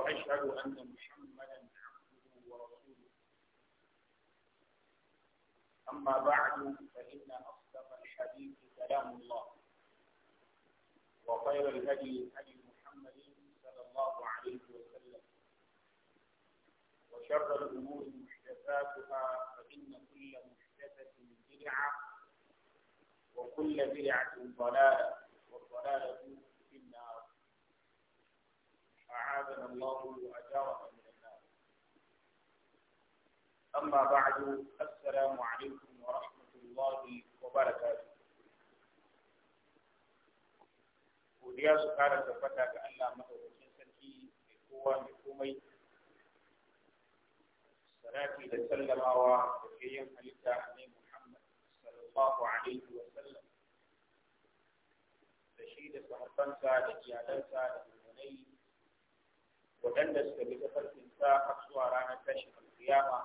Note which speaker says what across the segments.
Speaker 1: وأشهد أن محمدا عبده ورسوله أما بعد فإن أصدق الحديث كلام الله وخير الهدي هدي محمد صلى الله عليه وسلم وشر الأمور محدثاتها فإن كل محدثة بدعة وكل بدعة ضلالة والضلالة أعاذنا الله وأجارنا من النار أما بعد السلام عليكم ورحمة الله وبركاته وديا سكارة فتاة ألا مهو جنسنكي لقوة لقومي صلاتي لسلم وفيهم حليتا عليه محمد صلى الله عليه وسلم تشيد صحبا سعد جيادا سعد waɗanda suka bi tafarkin sa har zuwa ranar tashin alkiyama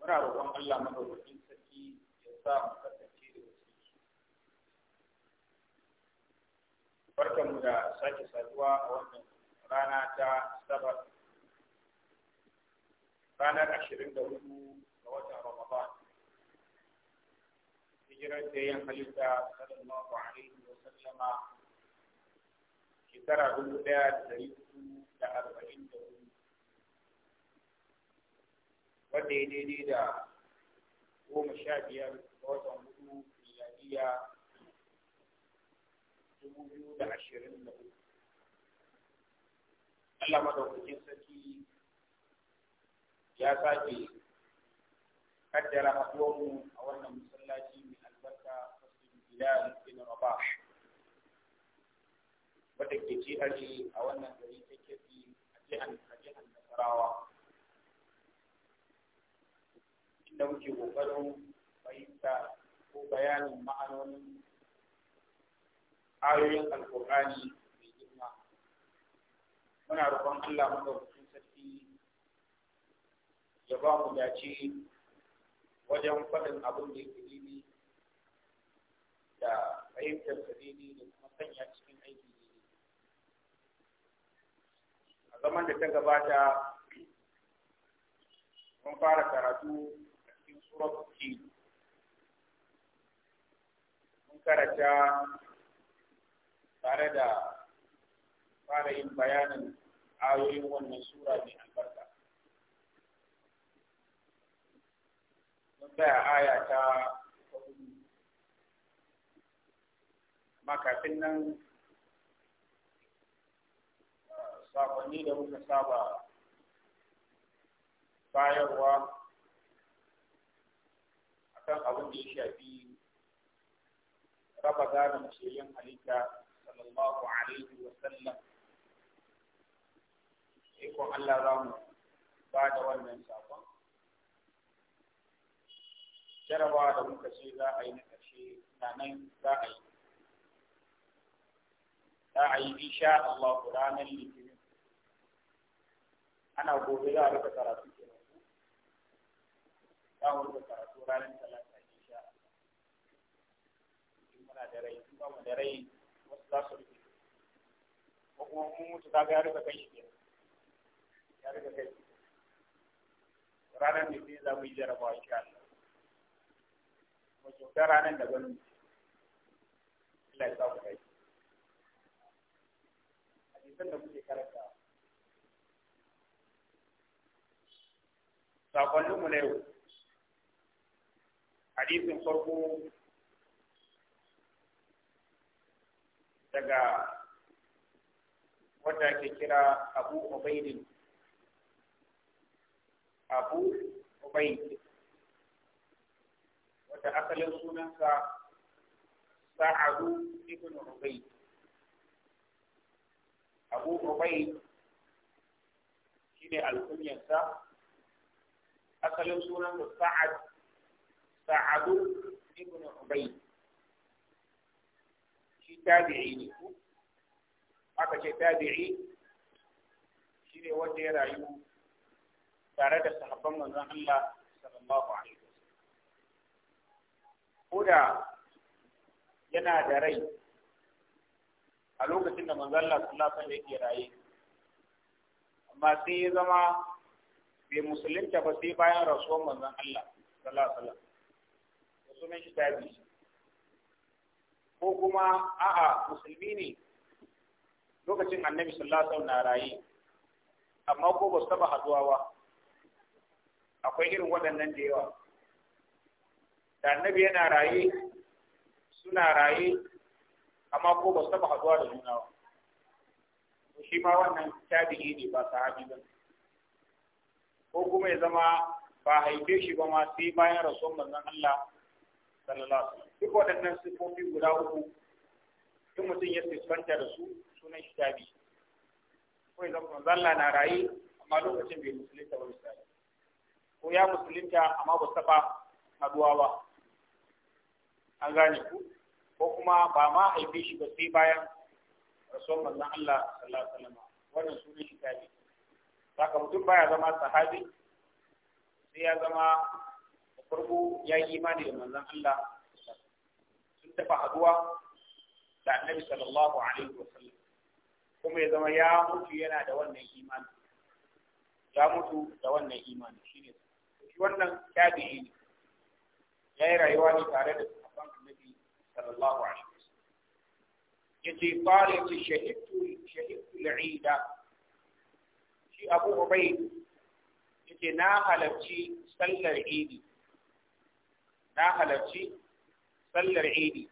Speaker 1: muna roƙon Allah madaukakin sarki ya sa mu kasance da wasu barkan mu da sake saduwa a wannan rana ta sabar ranar ashirin da hudu ga watan ramadan hijirar da yin halitta sallallahu alaihi wa sallama shekara dubu ɗaya da dari da arba'in da hudu wanda ya daidai da goma sha biyar ga watan hudu miladiya dubu biyu da ashirin da hudu Allah madaukakin sarki ya sake kaddara haɗuwarmu a wannan masallaci mai albarka masjid Bilal bin Rabah wanda ke ci hari a wannan gari jihar Nasarawa. Inda muke ƙoƙarin fahimta ko bayanin ma'anonin ayoyin alkur'ani mai girma muna roƙon Allah madaukakin sarki ya ba mu dace wajen faɗin abin da yake da fahimtar sa daidai da kuma sanya cikin zaman da ta gabata mun fara karatu a cikin surat mun karanta tare da fara yin bayanin ayoyin wannan sura mai albarka mun tsaya aya ta amma kafin nan sakonni da muka saba bayarwa akan abin da ya shafi raba gadon ciyen halitta sallallahu alaihi wa sallam ikon Allah za mu ba da wannan sakon jarabawa da muka ce za a yi na ƙarshe na nan za a yi za a yi insha Allah ranar litinin ana gobe za a rika karatu ke nan za mu rika karatu ranar talata in sha in muna da rai in ba mu da rai wasu za su rike ko kuma mun mutu ga ya rika kai shi ke ya rika kai shi ranar da sai za mu yi jarabawa insha Allah mu kyautar ranar da gani Allah ya sa mu kai hadisan da muke karanta sakonninmu na yau hadisin farko daga wanda ke kira abu ubaidin abu ubaid wanda asalin sunansa sa'adu ibn ubaid abu ubaid shine alkunyarsa asalin sunan sa'ad sa'adu ibn ubay shi tabi'i ne ku? aka ce tabi'i ne wanda ya rayu tare da sahabban manzon Allah sallallahu alaihi wasallam ko yana da rai a lokacin da manzon Allah sallallahu alaihi wasallam yake raye amma sai ya zama bai musulunta ba sai bayan rasuwan manzon Allah sallallahu alaihi wasallam musulmin shi tabi ko kuma a'a musulmi ne lokacin annabi sallallahu alaihi wasallam na raye amma ko ba su haduwa ba akwai irin waɗannan da yawa da annabi yana raye suna raye amma ko ba su haduwa da juna ba shi ma wannan tabi'i ne ba sahabi ba ko kuma ya zama ba haife shi ba ma sai bayan rasuwan manzon Allah sallallahu alaihi duk waɗannan sifofi guda uku duk mutum ya siffanta da su sunan shi tabi ko ya zama manzon Allah na rayu amma lokacin bai musulunta ba misali ko ya musulunta amma ba taɓa haduwa ba an gane ku ko kuma ba ma haife shi ba sai bayan rasuwan manzon Allah sallallahu alaihi wannan sunan shi tabi saka mutum baya zama sahabi sai ya zama da farko ya yi imani da manzon Allah sun tafa haduwa da annabi sallallahu alaihi wasallam kuma ya zama ya mutu yana da wannan imani ya mutu da wannan imani shine shi wannan tabi'i ne yi rayuwa ne tare da sahabban annabi sallallahu alaihi wasallam yace qala shahidtu shahidtu al'ida shi abu ubai yake na halarci sallar idi na halarci sallar idi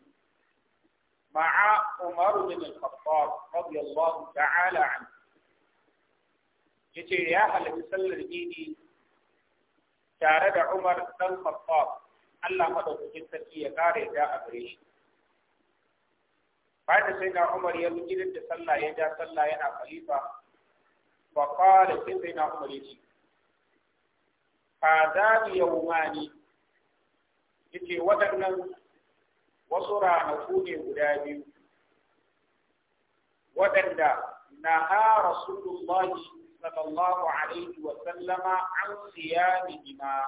Speaker 1: ma'a umar bin al-khattab radiyallahu ta'ala an yace ya halarci sallar idi tare da Umar dan Khattab Allah madaukakin sarki ya kare da a gare shi bayan sai ga Umar ya yi gidan da sallah ya ja sallah yana khalifa fa da sai na umar yace azab yawmani yace waɗannan wasu ranaku ne guda biyu waɗanda naha rasulullahi sallallahu alaihi wa sallama an siyamihima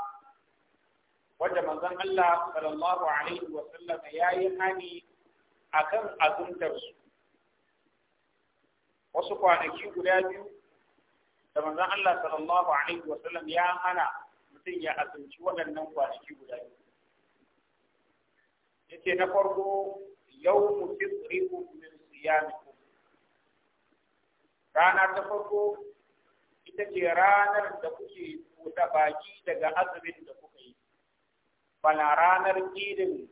Speaker 1: wanda manzon Allah sallallahu alaihi wa sallama yayi hani akan azumtar wasu kwanaki guda biyu da manzon Allah sallallahu alaihi wa sallam ya hana mutum ya azumci waɗannan kwanaki guda biyu yace na farko yau mutum tisriku min siyamikum rana ta farko ita ce ranar da kuke buɗe baki daga azumin da kuka yi bana ranar idin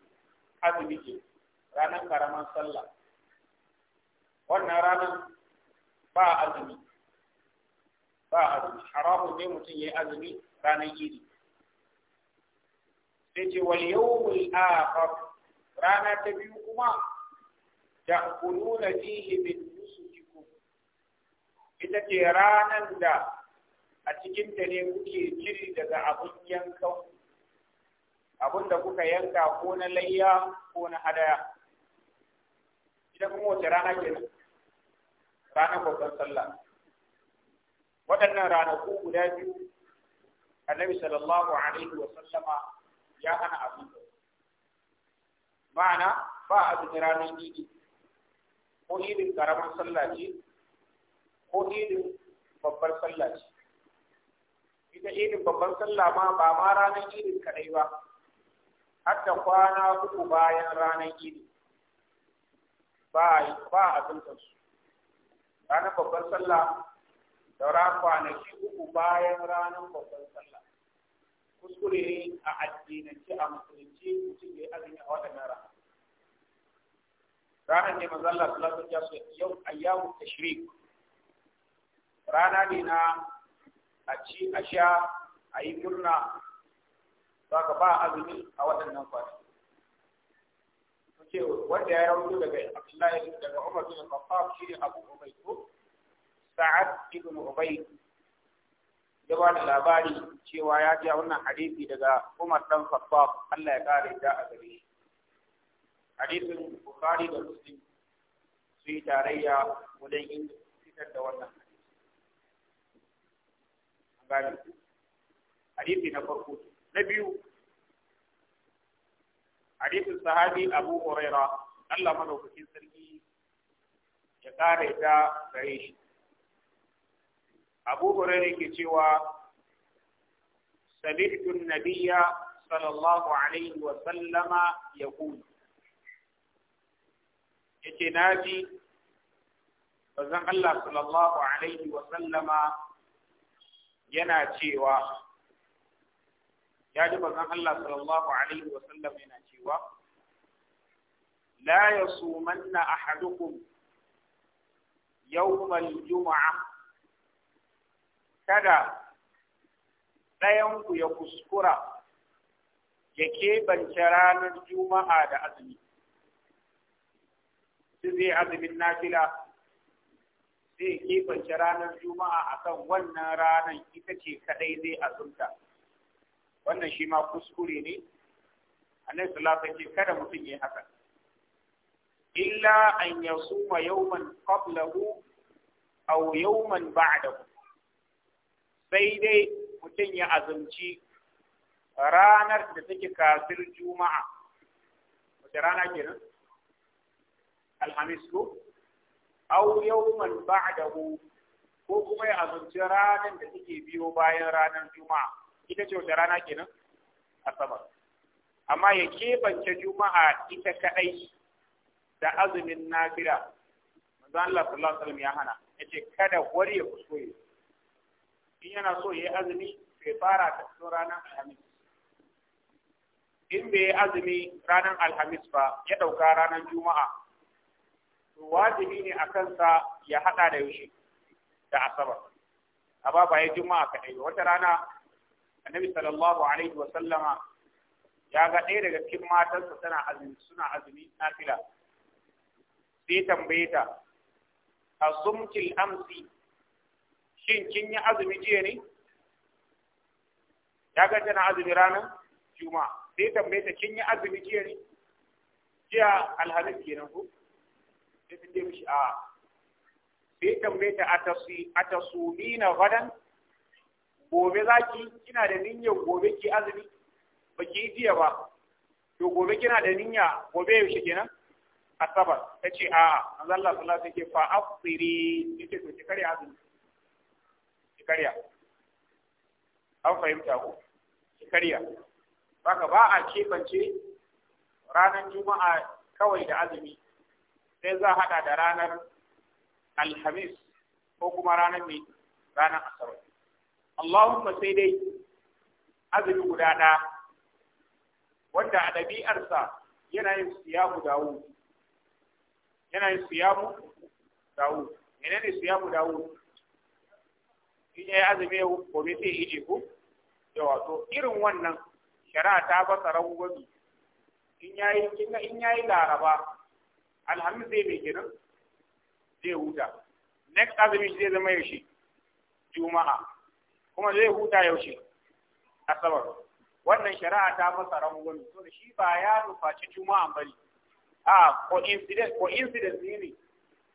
Speaker 1: azumi ce ranar karaman sallah wannan ranar ba azumi ba azumi haramun ne mutum ya yi azumi ranar idi sai ce wal yawmul akhar rana ta biyu kuma ta'kuluna fihi min nusukikum ita ce ranan da a cikin ta ne kuke jiri daga abun yankan abun da kuka yanka ko na layya ko na hadaya ita kuma wace rana nan? ranar babban sallah waɗannan ranaku guda biyu annabi sallallahu alaihi wa sallama ya hana abin da ma'ana ba a abin ranar idi ko idin karamar sallah ce ko idin babbar sallah ce ita idin babbar sallah ma ba ma ranar idin kadai ba da kwana uku bayan ranar idi ba a abin su ranar babbar sallah saura kwanaki uku bayan ranar babban sallah kuskure ne a addinance a musulunci mutum ya yi azumi a waɗannan ranar ranar ne mazalla Allah sallallahu alaihi wasallam yau ayyamu tashrik rana ne na a ci a sha a yi murna saka ba azumi a waɗannan kwanaki ce wanda ya rawaito daga Abdullahi daga Umar bin Khattab shi ne Abu Ubayd ko sa'ad ibn ubay ya ba da labari cewa ya ji wannan hadisi daga Umar dan Khattab Allah ya kare da a gare shi hadisin Bukhari da Muslim su yi tarayya wajen fitar da wannan hadisi. hadisi na farko na biyu hadisin sahabi Abu Huraira Allah madaukakin sarki ya kare da gare shi abu hurairah ke cewa سمعت Nabiya صلى الله عليه وسلم bazan allah sallallahu alaihi wa sallama yana cewa ya ji bazan Allah sallallahu alaihi wa sallama yana cewa la yasumanna ahadukum yawmal juma'a? kada ɗayanku ya kuskura ya keɓance ranar juma'a da azumi su zai azumin nafila zai keɓance ranar juma'a akan wannan ranar ita ce kaɗai zai azumta wannan shi ma kuskure ne annabi sallallahu alaihi kada mutum ya haka illa an yasuma yawman qablahu aw yawman ba'dahu sai dai mutum ya azumci ranar da take kafir juma'a wata rana nan alhamis ko au yawman ba'dahu ko kuma ya azumci ranar da take biyo bayan ranar juma'a ita ce wata rana nan asabar amma ya kebance juma'a ita kadai da azumin nafila manzo Allah sallallahu alaihi wasallam ya hana yace kada wari ya kuskure in yana so ya yi azumi sai fara kafin ranar alhamis in bai yi azumi ranar alhamis ba ya ɗauka ranar juma'a to wajibi ne a kansa ya haɗa da yaushe da asabar a ba bayan juma'a kaɗai wata rana annabi sallallahu alaihi wa sallama ya ga ɗaya daga cikin matansa tana azumi suna azumi nafila sai tambaye ta azumkil amsi shin kin yi azumi jiya ne ya ga tana azumi ranar Juma sai tambaye ta kin yi azumi jiya ne jiya alhamis kenan ko sai ta ce mishi a sai tambaye ta a tasumi na gadan gobe za ki kina da niyyar gobe ki azumi ba ki yi jiya ba to gobe kina da niyya gobe yaushe kenan asabar ta ce a'a an Allah sallallahu alaihi wasallam ke fa afsiri yace to ki kare azumi karya an fahimta ku su karya baka ba a keɓance ranar juma'a kawai da azumi sai za haɗa da ranar alhamis ko kuma ranar mai ranar asabar Allahumma sai dai azumi guda ɗaya wanda a ɗabi'arsa yana yin siyamu dawo yana yin siyamu dawo menene siyamu dawo in ya azumi gobe sai ije ko da wato irin wannan shari'a ta basa rangwami in yayi kinga in yayi laraba alhamis zai mai kenan zai huta next azumi zai zama yaushe juma'a kuma zai huta yaushe asabar wannan shari'a ta masa rangwami to shi ba ya nufaci juma'a bari a coincidence coincidence ne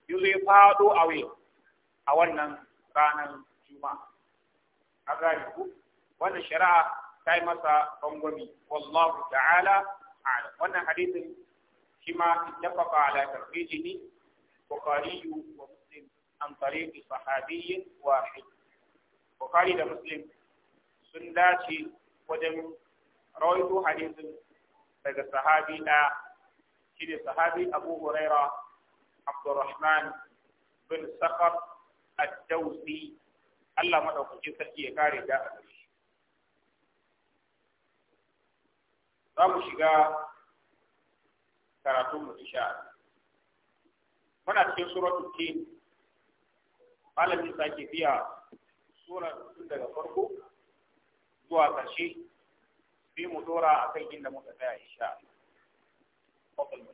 Speaker 1: yanzu ya fado a a wannan ranar umma a gane ku wannan shari'a ta yi masa bangwami wallahu ta'ala a'lam wannan hadisin shi ma ittafaqa ala tarhijihi bukhari wa muslim an tariqi sahabiyyin wahid bukhari da muslim sun dace wajen rawaito hadisin daga sahabi da shi ne sahabi abu huraira abdurrahman bin sakhar الدوسي Allah maɗaukacin sarki ya kare da a shi za mu shiga karatu mu insha muna cikin suratul tin malamin sake biya sura tun daga farko zuwa ƙarshe sai mu dora akan inda muka tsaya insha Allah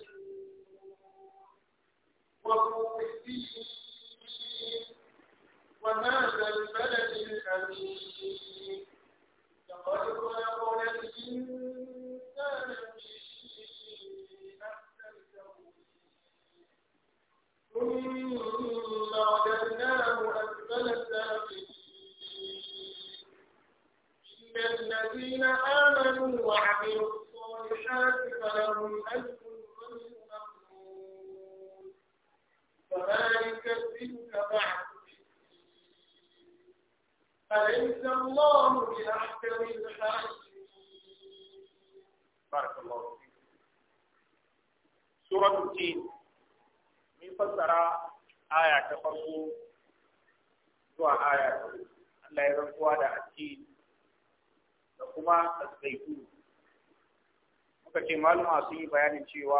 Speaker 1: suka ce maluma sun yi bayanin cewa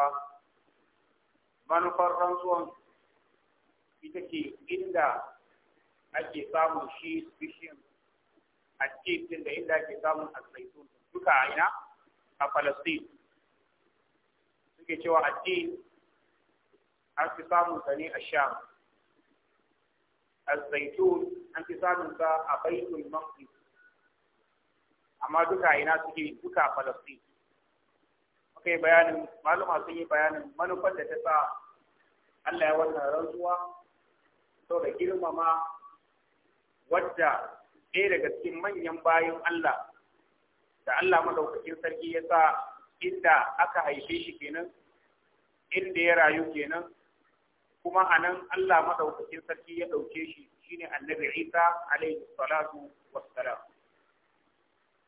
Speaker 1: manufar rantsuwan ita ce inda ake samun shi bishin a cikin da inda ake samun alzaitun duka a ina a falastin suke cewa a cikin an fi samun sa ne a sham alzaitun an fi samun sa a baitul maqdis amma duka ina suke duka falastin kai bayanin maluma sun yi bayanin manufar da ta sa Allah ya wannan rantsuwa da girmama wadda ɗaya daga cikin manyan bayan Allah da Allah maɗaukakin sarki ya sa inda aka haife shi kenan inda ya rayu kenan kuma a nan Allah madaukakin sarki ya ɗauke shi shine annabi Isa alaihi salatu wassalam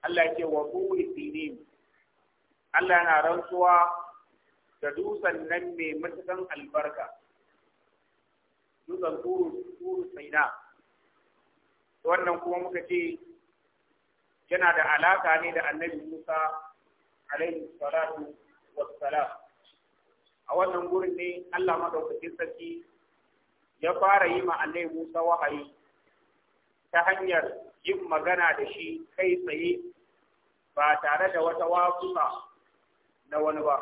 Speaker 1: Allah ya ce wa turi Allah yana rantsuwa da dutsen nan mai matukan albarka dutsen turu turu saina wannan kuma muka ce yana da alaka ne da annabi Musa alaihi salatu wassalam a wannan gurin ne Allah madaukakin sarki ya fara yi ma annabi Musa wahayi ta hanyar yin magana da shi kai tsaye ba tare da wata waƙuka na wani ba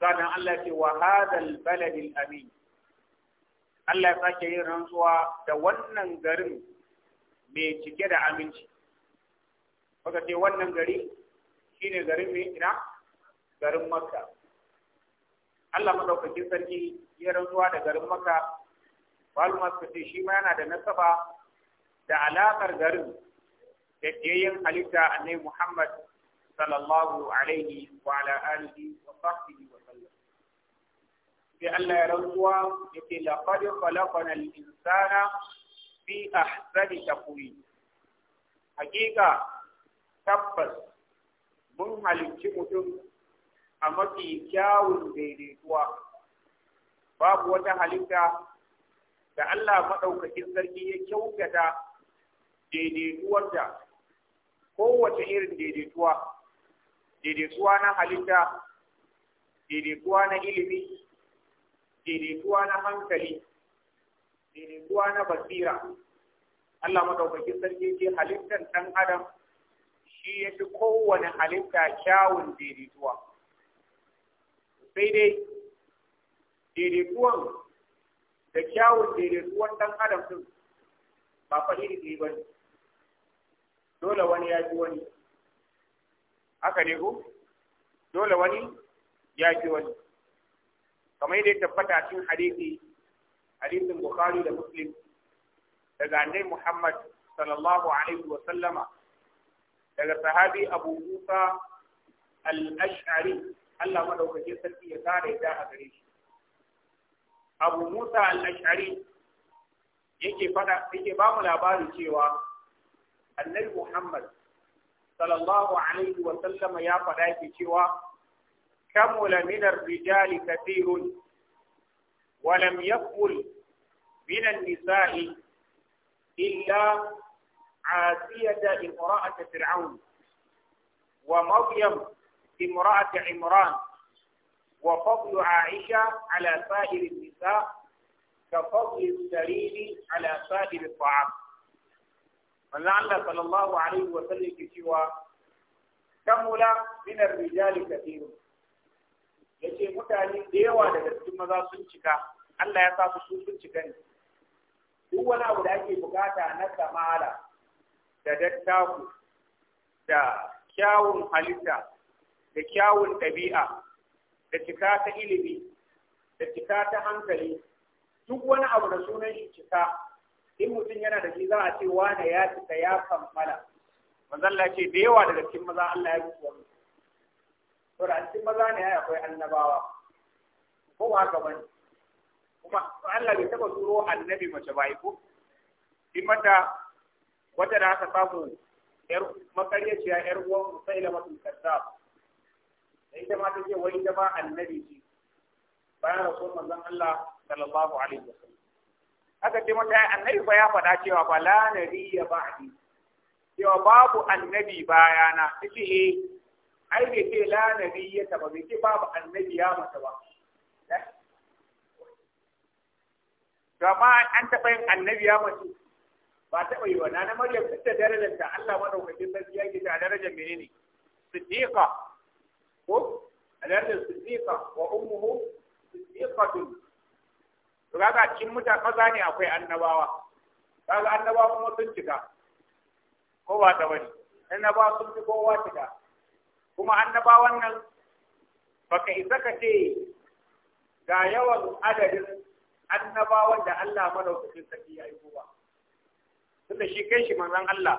Speaker 1: sannan Allah ce wa hadal baladil amin Allah ya sake yin rantsuwa da wannan garin mai cike da aminci Maka ce wannan gari shine garin mai ina garin Makka Allah madaukakin sarki ya rantsuwa da garin Makka Maluma su ce shi ma yana da nasaba da alaƙar garin da ke yin halitta annabi Muhammad sallallahu alaihi wa ala alihi wa sahbihi wa sallam sai Allah ya rantsuwa yake laqad khalaqana al-insana fi ahsani taqwim hakika tabbas mun halicci mutum a mafi kyawun daidaituwa babu wata halitta da Allah maɗaukakin sarki ya kyau kyautata daidaituwarta kowace irin daidaituwa daidaituwa na halitta daidaituwa na ilimi daidaituwa na hankali daidaituwa na basira Allah madaukakin sarki ce halittar ɗan adam shi ya fi kowane halitta kyawun daidaituwa sai dai daidaituwan da kyawun daidaituwan ɗan adam din ba fa iri ba ne dole wani ya ji wani haka ne ko dole wani ya fi wani kamar yadda tabbata cikin hadisi hadisin bukhari da muslim daga annabi muhammad sallallahu alaihi wa sallama daga sahabi abu musa al-ash'ari Allah madaukake sarki ya kare da a gare shi abu musa al-ash'ari yake fada yake ba mu labarin cewa annabi muhammad صلى الله عليه وسلم يا فلاكي شوى كمل من الرجال كثير ولم يقل من النساء إلا عاسية امرأة فرعون ومريم امرأة عمران وفضل عائشة على سائر النساء كفضل السرير على سائر الطعام manzo Allah sallallahu alaihi wa sallam yake cewa kamula min ar-rijali kathir yace mutane da yawa daga cikin maza sun cika Allah ya sa su sun cika ne duk wani abu da ake bukata na kamala da dattaku da kyawun halitta da kyawun ɗabi'a da cika ta ilimi da cika ta hankali duk wani abu da sunan shi cika in mutum yana da shi za a ce wane ya fita ya kammala manzo Allah ce da yawa daga cikin maza Allah ya fito mu to da cikin maza ne akwai annabawa ko ba haka bane kuma Allah bai taba turo annabi mace ba ko in mata wata da aka samu yar makaryaciya yar uwan Usaila matul kadda da ita ma take wai ita ma annabi ce bayan rasul manzon Allah sallallahu alaihi wasallam aka ce mata annabi ba ya faɗa cewa ba la nabiyya ba'di cewa babu annabi bayana tace eh ai bai ce la nabiyya ta ba bai ce babu annabi ya mata ba gama an taɓa yin annabi ya mace ba taɓa yi wa na na maryam duk da darajarta Allah madaukakin sarki ya gida a darajar menene siddiqa ko a darajar siddiqa wa ummuhu siddiqatun to kaga a cikin mutane maza ne akwai annabawa kaga annabawa kuma sun cika ko ba wani annabawa sun fi kowa cika kuma annabawan nan baka isa ka ce ga yawan adadin annabawan da Allah madaukakin sarki ya yi kowa. tunda shi kai shi manzon Allah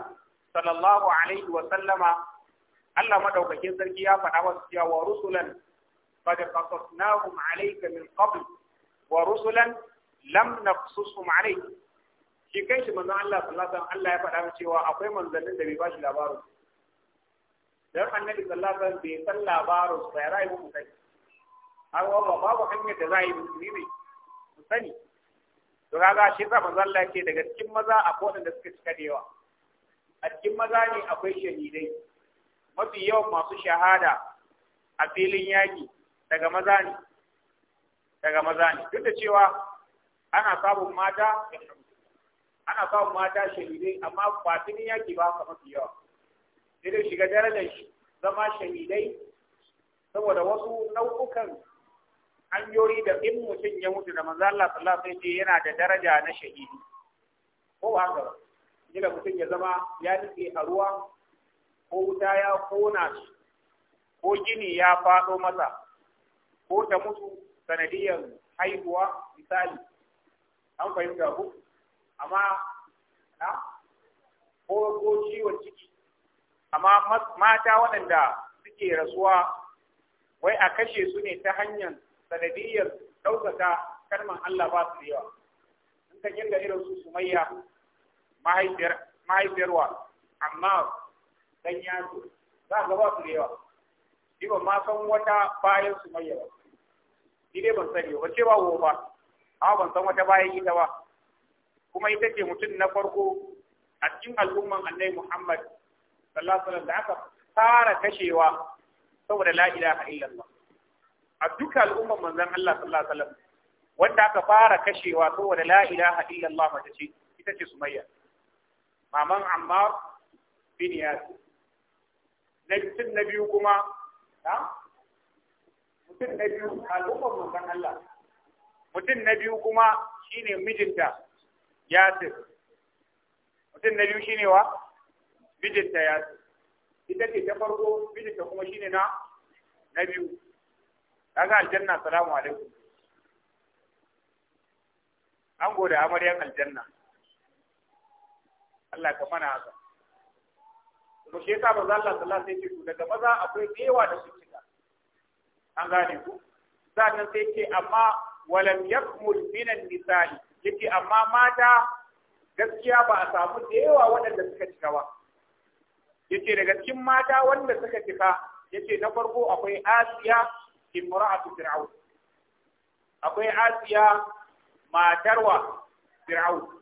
Speaker 1: sallallahu alaihi wa sallama Allah madaukakin sarki ya faɗa wasu cewa rusulan rusulan da qasasnahum alayka min qabl wa rusulan lam naqsusum alai shi kanshi manzon Allah sallallahu alaihi Allah ya faɗa cewa akwai manzannin da bai bashi labarin dan annabi sallallahu alaihi bai san labarin sa ya rayu mu kai har wa babu hanyar da za yi musulmi mu sani to kaga shi sa manzon Allah daga cikin maza akwai wanda suka cika a cikin maza ne akwai shahidai mafi yawan masu shahada a filin yaki daga maza ne daga maza ne duk da cewa ana samun mata ana samun mata shahidai amma ba tuni yaki ba ka mafi yawa sai dai shiga darajar zama shahidai saboda wasu nau'ukan hanyoyi da in mutum ya mutu da maza Allah sallallahu alaihi wasallam yana da daraja na shahidi ko haka ba mutum ya zama ya nike a ruwa ko wuta ya kona shi ko gini ya faɗo masa ko ta mutu sanadiyar haihuwa misali an fahimta ku amma na ko ko ciwon ciki amma mata waɗanda suke rasuwa wai a kashe su ne ta hanyar sanadiyar ɗaukaka kalmar Allah ba su yawa in ka kinga irin su sumayya mahaifiyar mahaifiyarwa amma dan yaso za ga ba su yawa ni ma san wata bayan sumayya ba shi dai ban sani ba cewa wo ba amma ban san wata bayan ita ba kuma ita ce mutum na farko a cikin al'umman annabi Muhammad sallallahu alaihi wasallam da aka fara kashewa saboda la ilaha illallah a duka al'umman manzon Allah sallallahu alaihi wasallam wanda aka fara kashewa saboda la ilaha illallah mace ce ita ce Sumayya maman Ammar bin Yasir na biyu kuma ha mutum na biyu al'ummar manzon Allah mutum na biyu kuma shine mijinta Yasir mutum na biyu shine wa mijinta Yasir ita ce ta farko mijinta kuma shine na na biyu kaga aljanna salamu alaikum an gode amaryan aljanna Allah ka mana haka kuma shi yasa za Allah sallallahu alaihi wasallam sai ce daga maza akwai da yawa da suke an gane ku sannan sai ce amma walam yakmul minan nisa'i yake amma mata gaskiya ba a samu da yawa waɗanda suka cika ba yake daga cikin mata wanda suka cika yake na farko akwai Asiya imra'atu fir'aun akwai Asiya matarwa fir'aun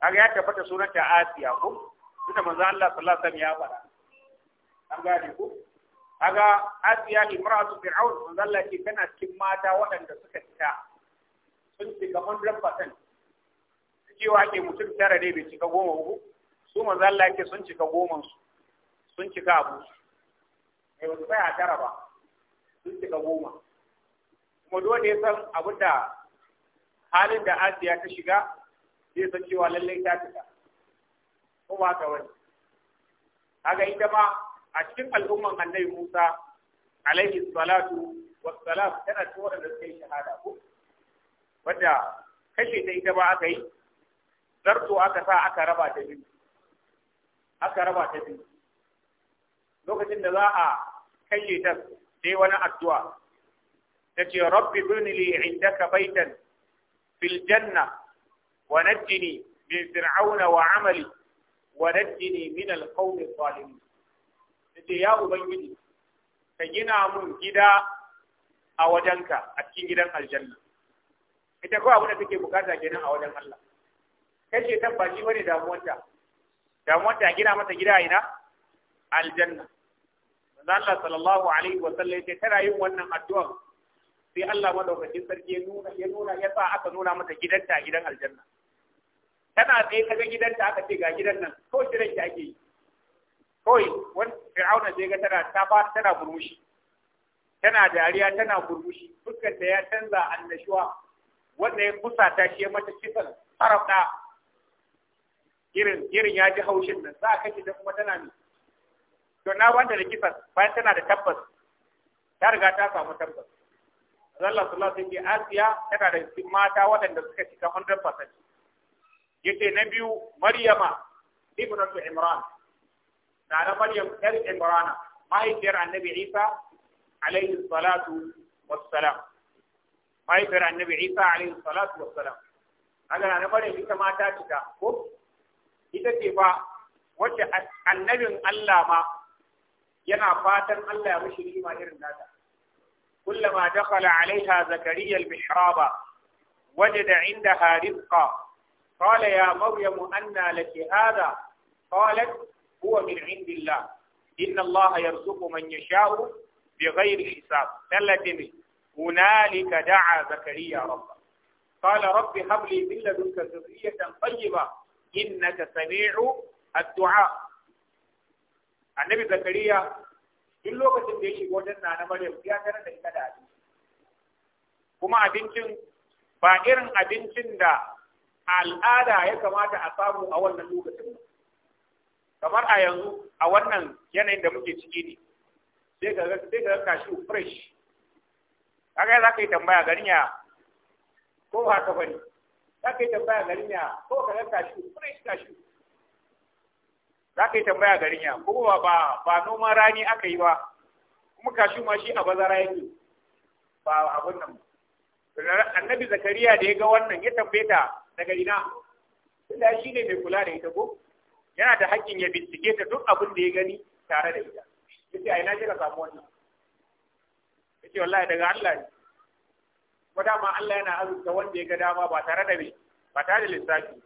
Speaker 1: kaga ya tabbata sunanta Asiya ko tunda manzo Allah sallallahu alaihi wasallam ya fara an gane ku kaga asiya imratu fir'aun manzo Allah ce tana cikin mata waɗanda suka fita sun shiga 100% cewa ke mutum tara ne bai cika goma uku su manzo sun cika goman su sun cika abu su. ba su tsaya tara ba sun cika goma kuma dole ya san abin da halin da asiya ta shiga zai san cewa lallai ta fita ko ba ta wani kaga ita ma a cikin al'umman annabi Musa alaihi salatu wassalam tana cikin waɗanda suka yi shahada ko wadda kashe ta ita ba aka yi zarto aka sa aka raba ta biyu aka raba ta biyu lokacin da za a kashe ta sai wani addu'a ta ce rabbi birni li indaka baitan fil janna wa najjini min fir'auna wa amali wa najjini min al-qawmi zalimin yace ya ubangiji ka gina mun gida a wajenka a cikin gidan aljanna ita kawai abin da take bukata kenan a wajen Allah kace ce ba shi bane damuwarta damuwarta a gina mata gida ina aljanna manzo Allah sallallahu alaihi wa sallam yace tana yin wannan addu'a sai Allah madaukakin sarki ya nuna ya nuna ya sa aka nuna mata gidanta a gidan aljanna tana tsaye kaga gidanta aka ce ga gidan nan ko shirin ki ake yi kawai wani fir'auna sai ga tana ta ba tana burmushi tana dariya tana burmushi dukkan ta ya canza annashuwa wanda ya kusa ta shi ya mata kisan sarrafa irin irin ya ji haushin nan za a kashe ta kuma tana ne to na wanda da kisan bayan tana da tabbas ta riga ta samu tabbas Allah sallallahu alaihi ke Asiya tana da cikin mata waɗanda suka cika 100% yace na biyu Maryama ibnatu Imran na Maryam yar Imrana mahaifiyar Annabi Isa alaihi salatu wassalam mahaifiyar Annabi Isa alaihi Maryam ita ma ta cika ko ita ce ba wacce annabin Allah ma yana fatan Allah ya mishi ni'ima irin nata kullama dakhala alaiha zakariya al-mihraba wajada indaha rizqa qala ya maryam anna laki hadha qalat huwa min indillah inna Allah yarzuqu man yasha'u bighairi hisab tallati ne hunalika da'a zakariya rabba qala rabbi hab li min ladunka dhurriyatan tayyiba innaka sami'u addu'a annabi zakariya duk lokacin da ya shiga wajen nana maryam ya tarar da ita da abinci kuma abincin ba irin abincin da al'ada ya kamata a samu a wannan lokacin ba kamar a yanzu a wannan yanayin da muke ciki ne sai ka ga sai ka ga fresh kaga za ka yi tambaya garin ya ko ba bane za ka yi tambaya garin ya ko ka ga kashu fresh kashu za ka yi tambaya garin ya ko ba ba noma rani aka yi ba kuma kashu ma shi a bazara yake ba abun nan annabi zakariya da ya ga wannan ya tambaye ta daga ina tunda shi ne mai kula da ita ko yana da hakkin ya bincike ta duk abin da ya gani tare da ita yace ai na jira samu wannan yace wallahi daga Allah ne kuma dama Allah yana azurta wanda ya ga dama ba tare da me ba tare da lissafi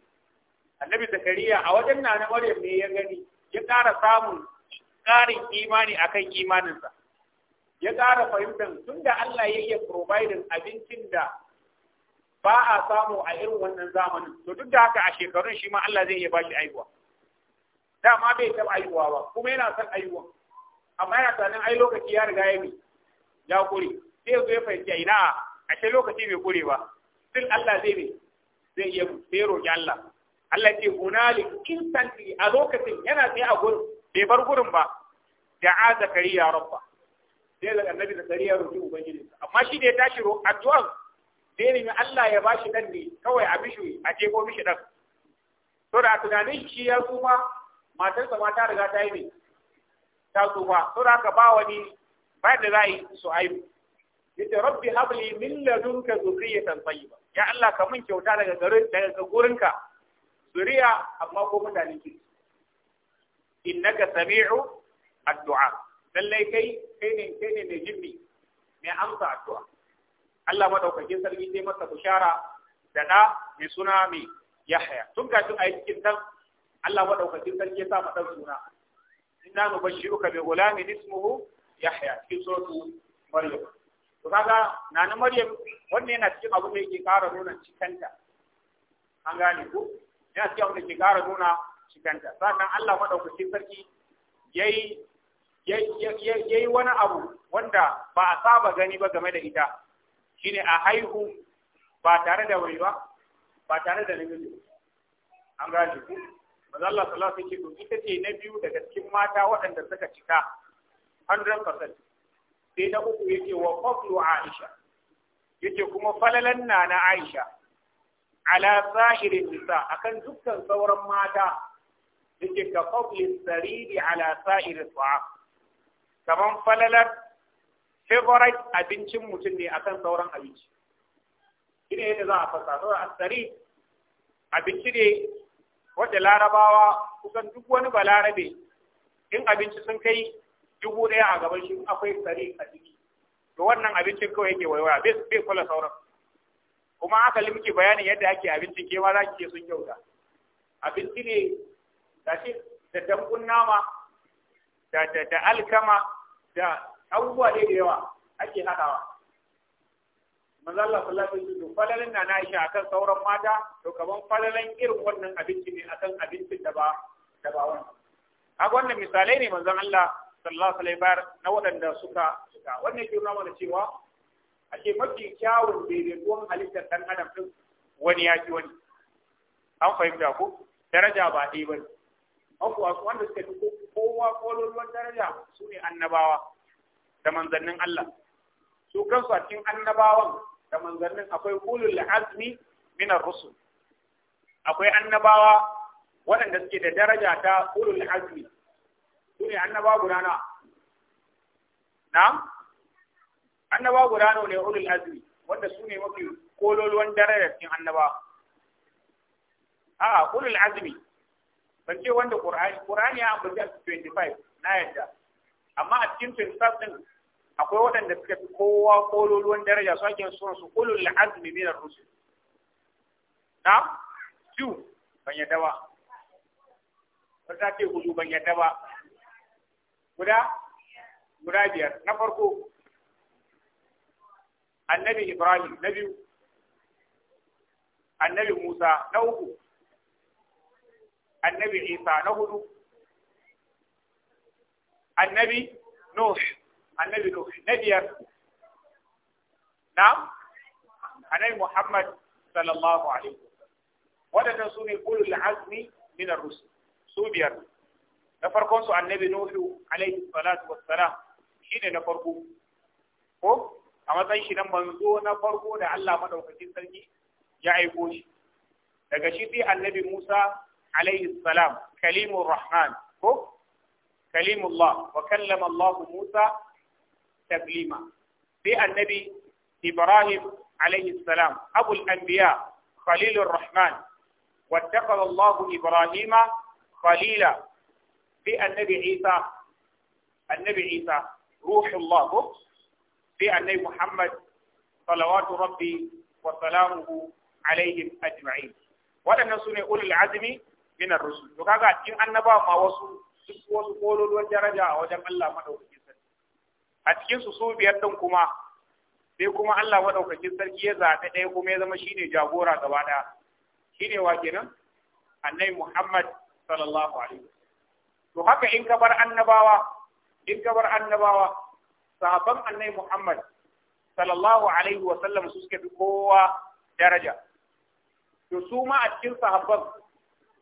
Speaker 1: annabi zakariya a wajen na Maryam ne ya gani ya ƙara samun ƙarin imani akan imaninsa ya ƙara fahimtar tunda Allah ya iya providing abincin da ba a samu a irin wannan zamanin to duk da haka a shekarun shi ma Allah zai iya ba shi aiwa dama bai taɓa aihuwa ba kuma yana son aihuwa amma yana tunanin ai lokaci ya riga ya bi ya kure sai yanzu ya fahimci ina ashe lokaci bai kure ba sun Allah zai zai iya sai roƙi Allah Allah ce hunali instantly a lokacin yana sai a gurin bai bar gurin ba a zakariya rabba sai daga annabi zakariya roƙi ubangiji amma shi da ya tashi addu'ar sai ne Allah ya bashi dan ne kawai a bishi a ko mishi dan saboda da tunanin shi ya suma matarsa ma ta riga ta yi ne ta tsufa to da ka ba wani ba da za yi su aibu yace rabbi habli min ladunka zurriyatan tayyiba ya Allah ka mun kyauta daga garin daga gurinka zuriya amma ko mutane ki innaka sami'u addu'a lallai kai kai ne kai ne mai jimmi mai amsa addu'a Allah madaukakin sarki sai masa bushara da da mai suna mai yahaya. tun kafin a yi cikin Allah madaukakin sarki ya sa mu dan suna inna nubashshiruka bi ghulamin ismuhu Yahya cikin suratu Maryam to kaga nana Maryam wannan yana cikin abin da yake ƙara nuna cikanta an gane ku? yana cikin abin da ke ƙara nuna cikanta sannan Allah madaukakin sarki yayi yayi wani abu wanda ba a saba gani ba game da ita shine a haihu ba tare da wai ba ba tare da namiji an gane ku manzo Allah sallallahu alaihi wasallam ita ce na biyu daga cikin mata waɗanda suka cika 100% sai na uku yake wa fadlu Aisha yake kuma falalan na na Aisha ala sa'irin nisa akan dukkan sauran mata yake ka fadli sariri ala sa'irin su'a kaman falalar favorite abincin mutum ne akan sauran abinci ina yadda za a fasa saboda asari abinci ne wadda larabawa kusan duk wani balarabe in abinci sun kai dubu ɗaya a gaban shi akwai tsari a ciki to wannan abincin kawai yake waiwaya bai kula sauran kuma aka limke bayanin yadda ake abincin ke ma za ki sun kyauta abinci ne da shi da dambun nama da alkama da abubuwa da yawa ake hadawa mazalla Allah sallallahu alaihi wasallam falalan na Aisha akan sauran mata to kaman falalin irin wannan abinci ne akan abincin da ba da ba wannan kaga wannan misalai ne manzon Allah sallallahu alaihi wasallam na waɗanda suka suka wannan ke nuna mana cewa ake mafi kyawun daidaituwan halittar dan adam din wani ya ci wani an fahimta ko daraja ba ɗaya ba ne wanda suka fi kowa kololuwan daraja su ne annabawa da manzannin Allah su kansu a cikin annabawan da manzannin akwai ulul azmi min ar-rusul akwai annabawa waɗanda suke da daraja ta ulul azmi sune annaba guda na na'am Annaba guda nawa ne ulul azmi wanda sune mafi kololuwan daraja cikin annabawa a'a ulul azmi ban ce wanda qur'ani qur'ani ya ambaci 25 na yadda amma a cikin 25 din akwai waɗanda suka fi kowa kololuwan daraja su ake son su ulul azmi min ar-rusul na ju ban yadda ba wata ce hudu ban yadda ba guda guda biyar na farko annabi ibrahim na biyu annabi musa na uku annabi isa na hudu annabi nuh annabi Nuh na biyar na annabi Muhammad sallallahu alaihi waɗannan su ne ulul azmi min ar-rusul su biyar na farkon su annabi Nuh alaihi salatu wassalam shine na farko ko a matsayin shi nan manzo na farko da Allah madaukakin sarki ya aiko shi daga shi sai annabi Musa alaihi salam kalimur rahman ko kalimullah wa kallama Allah Musa taslima sai annabi ibrahim alaihi salam abul anbiya khalilur rahman واتخذ الله إبراهيم خليلا في النبي عيسى النبي عيسى روح الله في النبي محمد صلوات ربي وسلامه عليهم أجمعين waɗannan su ne ulul azumi na ar-rusul to kaga cikin ma wasu duk wasu kololuwar daraja a wajen Allah madaukakin a cikin su su biyar din kuma sai kuma Allah madaukakin sarki ya zaɓi ɗaya kuma ya zama shine jagora gaba ɗaya shine wa kenan annabi Muhammad sallallahu alaihi to haka in ka bar annabawa in ka bar annabawa sahabban annabi Muhammad sallallahu alaihi wa sallam su suke fi kowa daraja to su ma a cikin sahabban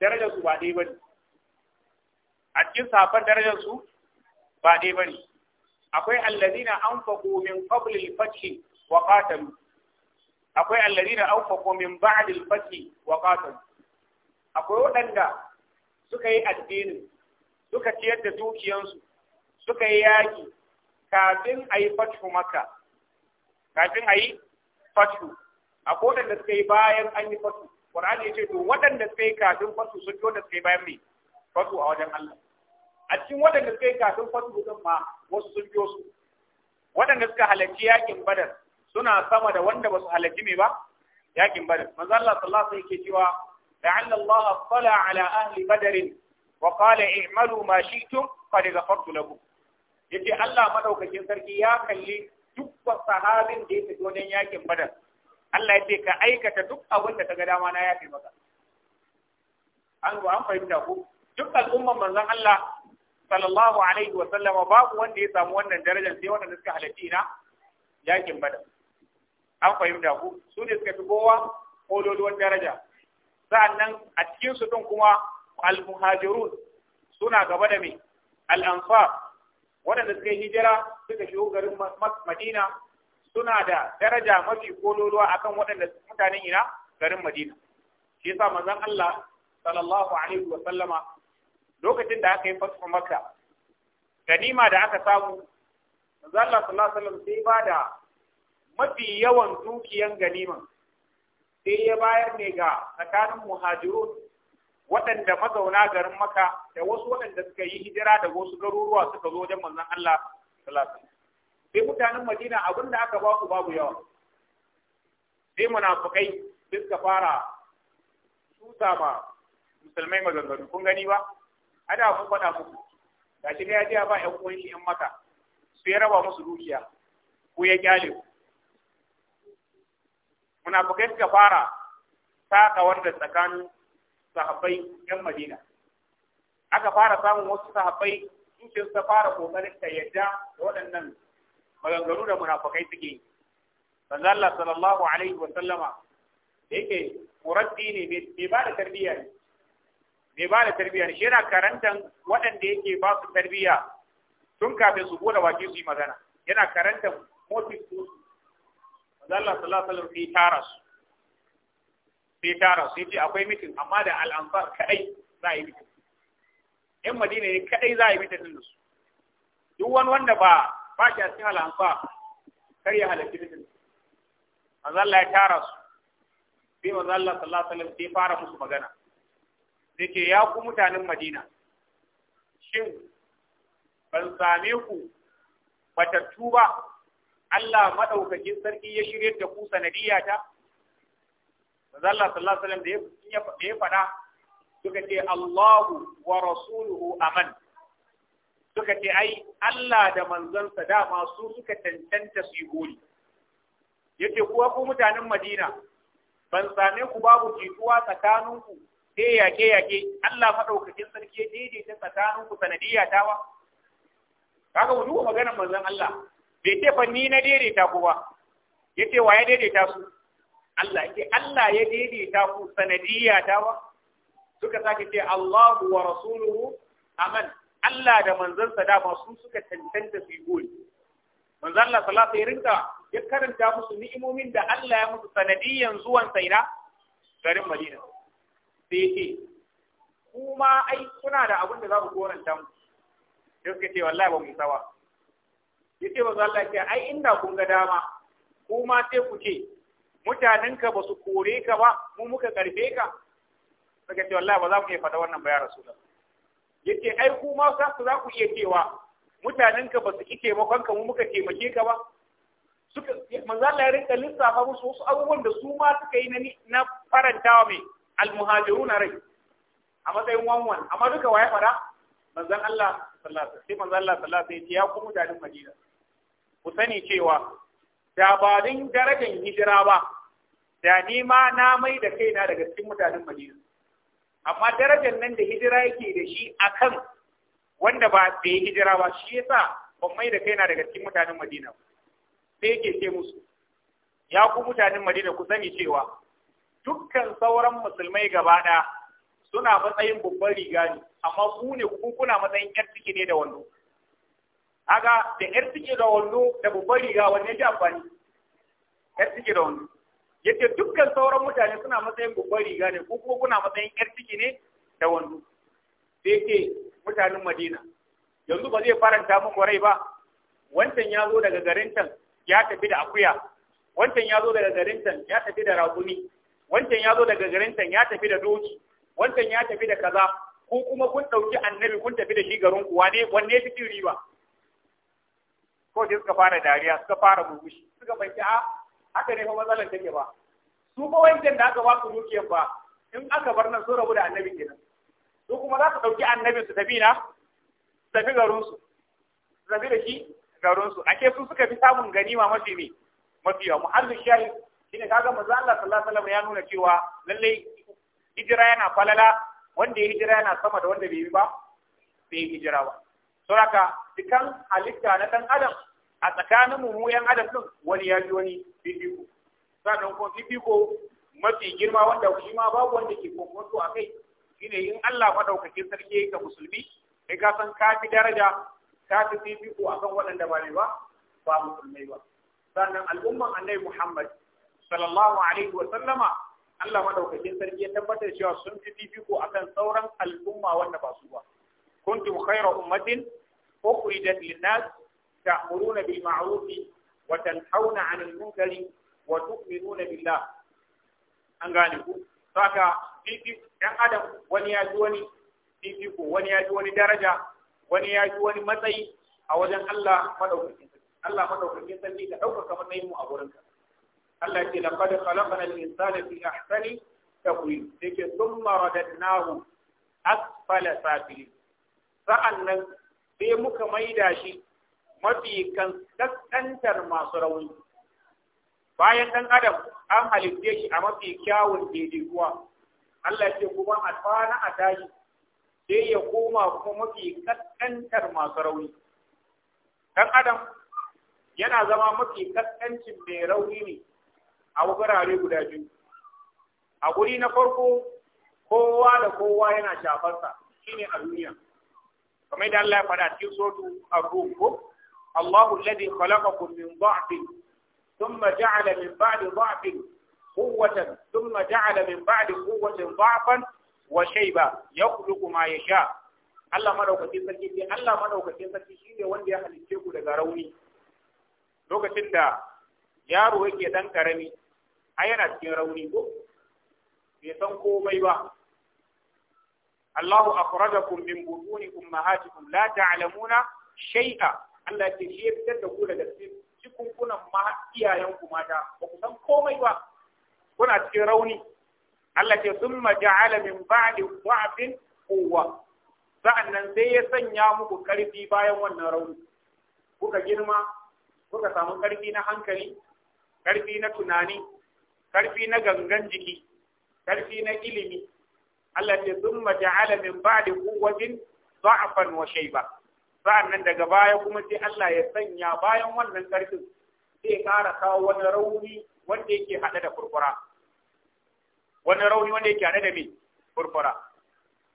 Speaker 1: darajar su ba ɗaya bane a cikin sahabban darajar su ba ɗaya bane akwai an faku min qabl al-fath wa qatalu akwai an faku min ba'd al-fath wa qatalu akwai waɗanda suka yi addinin suka ciyar da dukiyansu suka yi yaki kafin a yi fathu maka kafin a yi fathu akwai wadanda suka yi bayan an yi fathu Qur'ani ya ce to waɗanda suka yi kafin fathu sun yi da suka yi bayan mai fathu a wajen Allah a cikin waɗanda suka yi kafin fatu din ma wasu sun biyo su waɗanda suka halarci yakin badar suna sama da wanda ba su halarci me ba yakin badar manzo Allah sallallahu alaihi yake cewa la'alla Allah tala ala ahli badar wa qala i'malu ma shi'tum qad ghafartu lakum yace Allah madaukakin sarki ya kalli duk sahabin da ya tafi wajen yakin badar Allah ya ce ka aikata duk abin da ka ga dama na yafe maka an an fahimta ku duk al'umman manzon Allah sallallahu alaihi wa sallama babu wanda ya samu wannan darajar sai wanda suka halarci na yakin badar an fahimta ku su ne suka fi kowa kololuwan daraja sa'annan a cikin su din kuma al-muhajirun suna gaba da me al-ansar waɗanda suka yi hijira suka shigo garin Madina suna da daraja mafi kololuwa akan waɗanda mutanen ina garin Madina shi yasa manzon Allah sallallahu alaihi wa sallama lokacin da aka yi fasfa maka ganima da aka samu manzo Allah sallallahu alaihi wasallam sai ba da mafi yawan dukiyan ganima sai ya bayar ne ga tsakanin muhajirun waɗanda mazauna garin maka da wasu waɗanda suka yi hijira da wasu garuruwa suka zo wajen manzon Allah sallallahu alaihi sai mutanen Madina abin da aka ba ku babu yawa sai munafukai suka fara tuta ba musulmai maganganu kun gani ba ada kun faɗa muku ga shi ya je ba ƴan uwan shi ƴan maka su ya raba musu dukiya ko ya kyale ku munafikai suka fara saka wanda tsakanin sahabbai ƴan Madina aka fara samun wasu sahabbai ce suka fara kokarin ta yadda da waɗannan maganganu da munafikai suke yi manzo Allah sallallahu alaihi wa sallama da yake muraddi ne mai ba da tarbiyya ne mai ba da tarbiyya shi yana karantar waɗanda yake ba su tarbiyya tun kafin su bude baki su yi magana yana karantan motif su Allah sallallahu alaihi wasallam tara su sai tara su yace akwai mitin amma da al kaɗai kadai za a yi mitin Yan Madina ne kadai za a yi mitin da su duk wani wanda ba ba shi a cikin al kar ya halarci mitin manzo Allah ya tara su sai manzo Allah sallallahu alaihi wasallam sai fara musu magana sai ya ku mutanen madina shin ban same ku batattu ba Allah maɗaukakin sarki ya shirye da ku sanadiyya ta Allah sallallahu alaihi wasallam da ya faɗa suka ce Allahu wa rasuluhu aman suka ce ai Allah da manzansa dama su suka tantanta su yi gori yace ku ku mutanen Madina ban same ku babu jituwa tsakaninku sai yaƙe-yaƙe Allah maɗaukakin sarki ya daidaita tsakanin ku sanadiyya tawa kaga mu duba maganar manzon Allah bai ce fa ni na daidaita ku ba yace wa ya daidaita su Allah yake Allah ya daidaita ku sanadiyya ba? suka sake ce Allahu wa rasuluhu aman Allah da manzon sa da masu suka tantance su yi manzon Allah sallallahu alaihi wasallam ya karanta musu ni'imomin da Allah ya musu sanadiyyan zuwan saira garin Madina sai kuma ai kuna da abin da za ku koranta mu sai suka ce wallahi ba mu sawa ba yace ba Allah ce ai inda kun ga dama kuma sai ku ce mutanenka ba su kore ka ba mu muka karfe ka suka ce wallahi ba za mu iya fada wannan ba ya rasulullah yace ai kuma sa za ku iya cewa mutanenka ba su ki taimakon ka mu muka taimake ka ba suka manzo Allah ya rinka lissafa musu wasu abubuwan da su ma suka yi na farantawa mai almuhajiruna rai a matsayin wanwan amma duka waye fara manzon Allah sallallahu alaihi wasallam manzon Allah sallallahu alaihi wasallam ya ku mutanen Madina ku sani cewa da ba din darajar hijira ba da ni ma na mai da kaina daga cikin mutanen Madina amma darajar nan da hijira yake da shi akan wanda ba da hijira ba shi yasa ban mai da kaina daga cikin mutanen Madina sai yake ce musu ya ku mutanen Madina ku sani cewa dukkan sauran musulmai gaba ɗaya suna matsayin babban riga ne amma ku ne ku kuna matsayin yar ciki ne da wando aga da yar ciki da wando da babban riga wanne ji amfani yar ciki da wando yadda dukkan sauran mutane suna matsayin babban riga ne ku kuma kuna matsayin yar ciki ne da wando sai yake mutanen Madina yanzu ba zai faranta muku rai ba wancan ya zo daga garin can ya tafi da akuya wancan ya zo daga garin can ya tafi da raguni wancan ya zo daga garin can ya tafi da doki wancan ya tafi da kaza ko kuma kun ɗauki annabi kun tafi da shi garin ku wane wanne fi cin riba ko sai suka fara dariya suka fara burbushi suka fanki a haka ne fa matsalar take ba su ba wancan da aka ba su dukiyar ba in aka bar nan sun rabu da annabi kenan su kuma za su ɗauki annabi su tafi na tafi garin su tafi da shi garin su ake su suka fi samun ganima mafi ne mafi yawa muhallin shahid shine kaga manzo Allah sallallahu alaihi wasallam ya nuna cewa lalle hijira yana falala wanda ya hijira yana sama da wanda bai yi ba bai yi hijira ba saboda dukan halitta na dan adam a tsakanin mu yan adam din wani ya ji wani fifiko sannan kuma fifiko mafi girma wanda shi ma babu wanda ke kokonto a kai shine in Allah madaukakin sarki ga musulmi kai ka san ka fi daraja ka fi fifiko akan waɗanda ba ne ba ba musulmai ba sannan al'umman annabi Muhammad sallallahu alaihi wa sallama Allah madaukakin sarki ya tabbatar cewa sun fi fifiko akan sauran al'umma wanda ba su ba kuntum khayra ummatin ukhrijat lin-nas ta'muruna bil ma'ruf wa tanhauna 'anil munkari wa tu'minuna billah an gane ku saka fifi dan adam wani ya ji wani fifiko wani ya ji wani daraja wani ya ji wani matsayi a wajen Allah madaukakin sarki Allah madaukakin sarki ka dauka matsayin mu a gurinka Allah ce laqad khalaqna al da fi ahsani taqwim yake thumma radadnahu asfala safilin sa'annan sai muka maida shi mafi kan masu rauni bayan ɗan adam an halitte shi a mafi kyawun kuwa, Allah ce kuma a kwana a tashi sai ya koma kuma mafi kaskantar masu rauni ɗan adam yana zama mafi kaskancin mai rauni ne a wurare guda biyu a guri na farko kowa da kowa yana shafarsa shine a duniya kamar da Allah ya faɗa cikin sotu a rum ko Allahu alladhi khalaqakum min dha'fin thumma ja'ala min ba'di dha'fin quwwatan thumma ja'ala min ba'di quwwatin dha'fan wa shayba yakhluqu ma yasha Allah madaukakin sarki ce, Allah madaukakin sarki shine wanda ya halicce ku daga rauni lokacin da yaro yake dan karami ai yana cikin rauni ko bai san komai ba Allahu akhrajakum min butuni ummahatikum la ta'lamuna shay'a Allah ya ce fitar da ku daga cikin kunan iyayen ku mata ba ku san komai ba kuna cikin rauni Allah ce summa ja'ala min ba'di dha'fin quwwa sa'annan sai ya sanya muku karfi bayan wannan rauni kuka girma kuka samu karfi na hankali karfi na tunani karfi na gangan jiki karfi na ilimi Allah ce thumma ja'ala min ba'di quwwatin da'fan wa shayba sa'annan daga baya kuma sai Allah ya sanya bayan wannan karfin sai ƙara kawo wani rauni wanda yake hada da furfura wani rauni wanda yake hada da me furfura.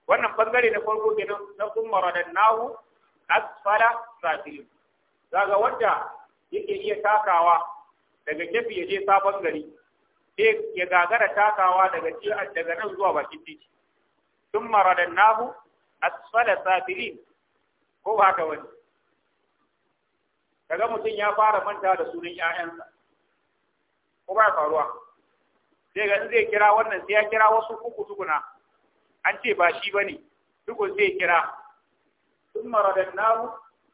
Speaker 1: wannan bangare na farko kenan na kuma radannahu asfala sabil zaga wanda yake iya takawa daga gefe ya je sabon gari ya gagara takawa daga daga nan zuwa bakin titi sun maradan nahu asfala safirin ko ba haka wani daga mutum ya fara manta da sunan 'ya'yansa ko ba faruwa zai ga zai kira wannan sai ya kira wasu uku tukuna an ce ba shi ba ne, tukun zai kira sun maradan nahu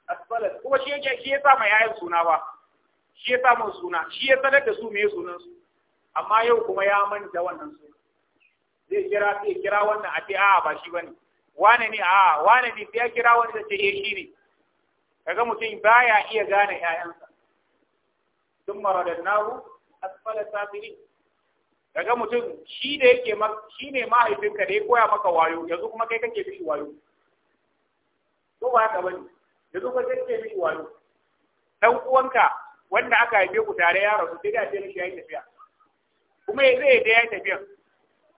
Speaker 1: asfala kuma shi ya sa ma yayan suna ba shi ya sa mun suna shi ya sanar da su me sunansu. amma yau kuma ya manta wannan su zai kira sai kira wannan a ce a ba shi bane wane ne a wane ne sai ya kira wani da ce eh, shi ne kaga mutum baya iya gane ƴaƴansa sun maradannahu asfala sabiri kaga mutum shi da yake shi ne mahaifinka da ya koya maka wayo yanzu kuma kai kake mishi wayo to ba ka bane yanzu kuma kake mishi wayo dan uwanka wanda aka haife ku tare yaro, rasu sai da ce mishi yayi tafiya kuma ya zai da ya tafiya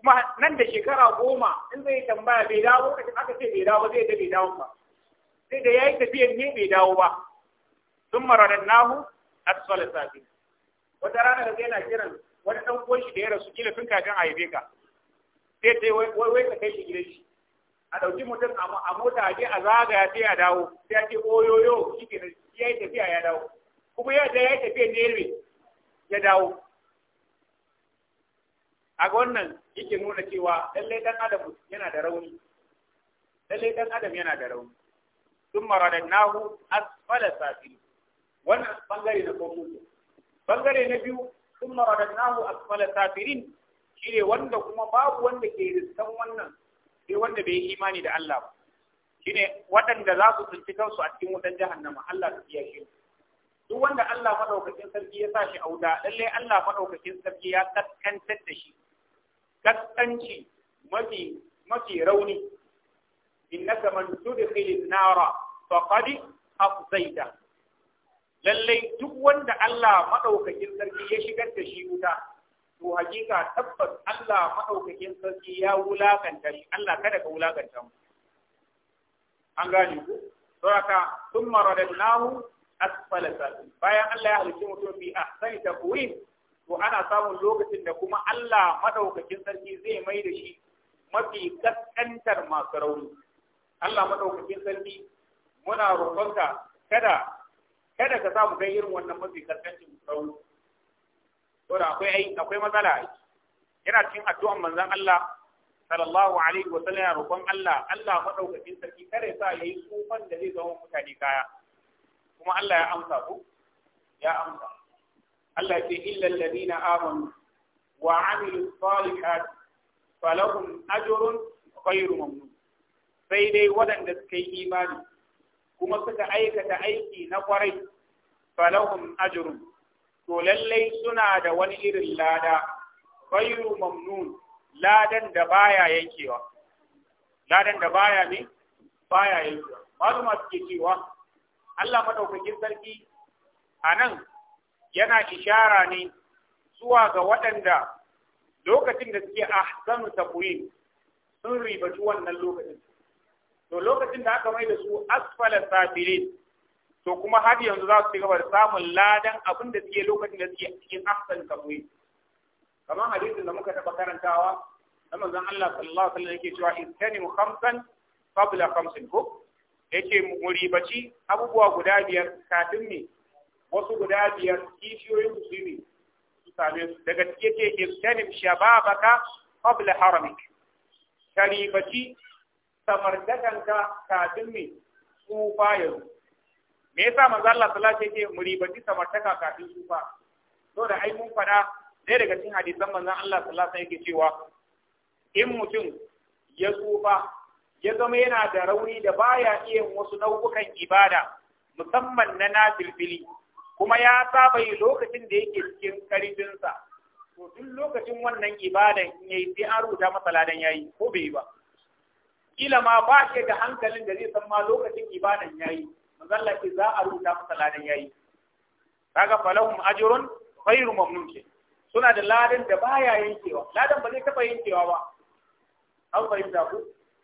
Speaker 1: kuma nan da shekara goma in zai tambaya bai dawo ka aka ce bai dawo zai da bai dawo ba sai da ya yi tafiyan ne bai dawo ba sun nahu a sala safi wata rana da yana kiran wani ɗan uwan shi da ya rasu kila tun kafin a yabe ka sai sai wai wai ka kai shi gidan shi a ɗauki mutum a mota a je a zagaya sai a dawo sai a ce oyoyo shi ke yi tafiya ya dawo kuma ya da yi tafiyan ne ya dawo a wannan yake nuna cewa lallai dan adam yana da rauni lallai dan adam yana da rauni sun nahu asfala safili wannan bangare na farko bangare na biyu sun nahu asfala safirin shine wanda kuma babu wanda ke riskan wannan sai wanda bai yi imani da Allah ba shine waɗanda za su tsinci kansu a cikin wutan jahannama Allah ta iya shi duk wanda Allah madaukakin sarki ya sa shi auda lalle Allah madaukakin sarki ya kaskantar da shi kaskanci mafi mafi rauni innaka man tudkhil nara faqad afzaita lallai duk wanda Allah madaukakin sarki ya shigar da shi wuta to hakika tabbas Allah madaukakin sarki ya wulakanta shi Allah kada ka wulakanta mu an gane ku saboda thumma radadnahu asfala bayan Allah ya halicci mutum bi ahsani taqwim to ana samun lokacin da kuma Allah madaukakin sarki zai mai da shi mafi kaskantar masu rauni Allah madaukakin sarki muna roƙonka kada kada ka samu kai irin wannan mafi kaskancin rauni saboda akwai akwai matsala yana cikin addu'an manzon Allah sallallahu alaihi wa sallam roƙon Allah Allah madaukakin sarki kare sa yayi tsufan da zai zama mutane kaya kuma Allah ya amsa ku ya amsa Allah ce illal ladina amanu wa amilu salihat falahum ajrun ghayru mamnun sai dai waɗanda suka yi imani kuma suka aikata aiki na kwarai falahum ajrun to lallai suna da wani irin lada ghayru mamnun ladan da baya yankewa ladan da baya ne baya yankewa su suke cewa Allah madaukakin sarki a nan yana ishara ne zuwa ga waɗanda lokacin da suke ahsanu taqwim sun ribaci wannan lokacin to lokacin da aka mai da su asfala safirin to kuma har yanzu za su ci gaba da samun ladan abin da suke lokacin da suke cikin ahsan taqwim kamar hadisin da muka taɓa karantawa na manzon Allah sallallahu alaihi wasallam yake cewa istanimu khamsan qabla khamsin ko yake mu ribaci abubuwa guda biyar kafin ne wasu guda biyar kishiyoyin su ne su same su daga cike ce istanim shababaka qabla haramik karibaci samartakanka kafin ne tsufa yanzu me yasa manzo Allah sallallahu alaihi wasallam yake muribaci samartaka kafin tsufa to da ai mun fada ɗaya daga cikin hadisan manzon Allah sallallahu alaihi wasallam yake cewa in mutum ya tsufa ya zama yana da rauni da baya iya wasu nau'ukan ibada musamman na nafilfili kuma ya saba yi lokacin da yake cikin karfinsa to duk lokacin wannan ibadan in yayi sai an rubuta masa ladan yayi ko bai yi ba kila ma ba shi da hankalin da zai san ma lokacin ibadan yayi mazalla ki za a rubuta masa ladan yayi kaga falahum ajrun khairu mamnun ke suna da ladan da baya yankewa ladan ba zai taba yankewa ba an fahimta ku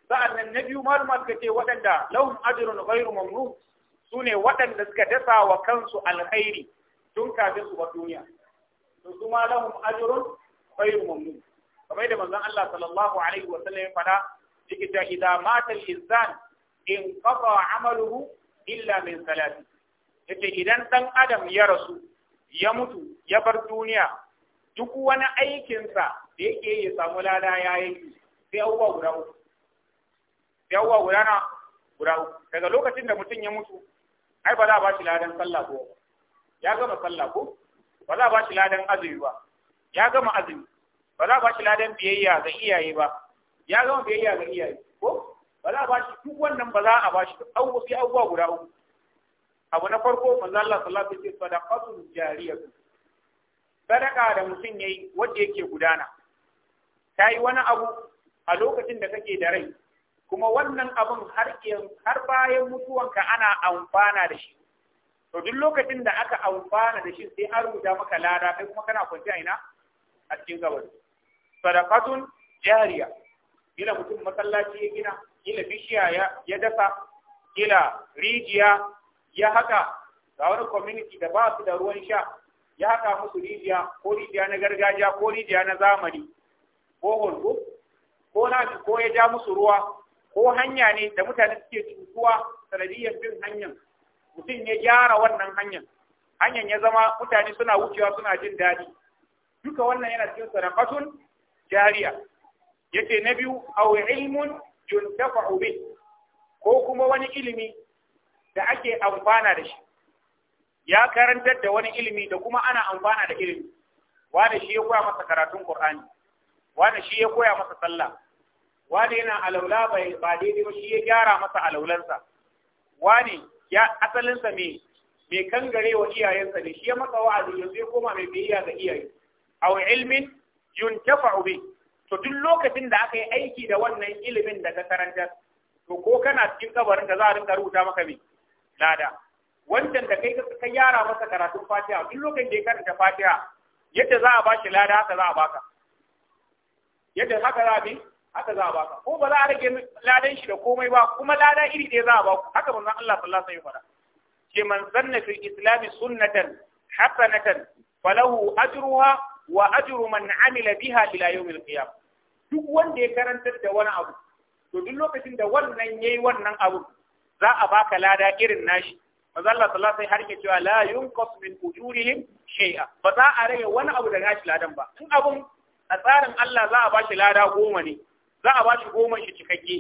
Speaker 1: sa'annan na biyu malumar ka ce waɗanda lahum ajrun khairu mamnun su ne waɗanda suka dasa wa kansu alkhairi tun kafin su ba duniya to su ma lahum ajrun ghayru mamnun kamar da manzon Allah sallallahu alaihi wa sallam ya fada yake ta idza mata al-insan in qata amaluhu illa min salati yake idan dan adam ya rasu ya mutu ya bar duniya duk wani aikinsa da yake ya samu lada ya yi sai abubuwa guda uku sai abubuwa guda na guda uku daga lokacin da mutum ya mutu ai ba za a ba shi ladan sallah ko ya gama sallah ko ba za a ba shi ladan azumi ba ya gama azumi ba za a ba shi ladan biyayya ga iyaye ba ya gama biyayya ga iyaye ko ba za a ba shi duk wannan ba za a ba shi abubuwa sai abubuwa guda uku abu na farko manzo Allah sallallahu alaihi wasallam sadaqatun jariyatun sadaka da mutum yayi wanda yake gudana tayi wani abu a lokacin da kake da rai kuma wannan abin har har bayan mutuwanka ana amfana da shi to duk lokacin da aka amfana da shi sai an rubuta maka lada kai kuma kana kwanci a ina a cikin gabas sadaqatun jariya kila mutum masallaci ya gina kila bishiya ya dafa dasa kila rijiya ya haka ga wani community da ba su da ruwan sha ya haka musu rijiya ko rijiya na gargajiya ko rijiya na zamani ko holgo ko na ko ya ja musu ruwa ko hanya ne da mutane suke cutuwa sanadiyar bin hanyar mutum ya gyara wannan hanyar hanyar ya zama mutane suna wucewa suna jin daɗi duka wannan yana cikin sadaqatun jariya yace na biyu aw ilmun yuntafa'u bih ko kuma wani ilimi da ake amfana da shi ya karantar da wani ilimi da kuma ana amfana da ilimi wanda shi ya koya masa karatun Qur'ani wanda shi ya koya masa sallah wani yana alaula bai ba daidai ba shi ya gyara masa alaulansa wani ya asalinsa me me kangare wa iyayensa ne shi ya masa wa'azi yanzu ya koma mai biyayya ga iyaye aw ilmin yuntafa'u bi to duk lokacin da aka yi aiki da wannan ilimin daga karantar to ko kana cikin kabarin da za a rinka rubuta maka me lada wancan da kai ka gyara masa karatun fatiha duk lokacin da ya karanta fatiha yadda za a bashi lada haka za a baka yadda haka za a bi haka za a ba ka. ko ba za a rage ladan shi da komai ba kuma lada iri ɗaya za a ba ku. haka manzon Allah sallallahu alaihi wasallam ce man zanna fil islam sunnatan hasanatan falahu ajruha wa ajru man amila biha ila yawmil qiyam duk wanda ya karantar da wani abu to duk lokacin da wannan yayi wannan abu za a baka lada irin nashi manzo Allah sallallahu alaihi har ke cewa la yunqas min ujurihim shay'a ba za a rage wani abu da nashi ladan ba in abun a tsarin Allah za a bashi lada goma ne za a bashi goma shi cikakke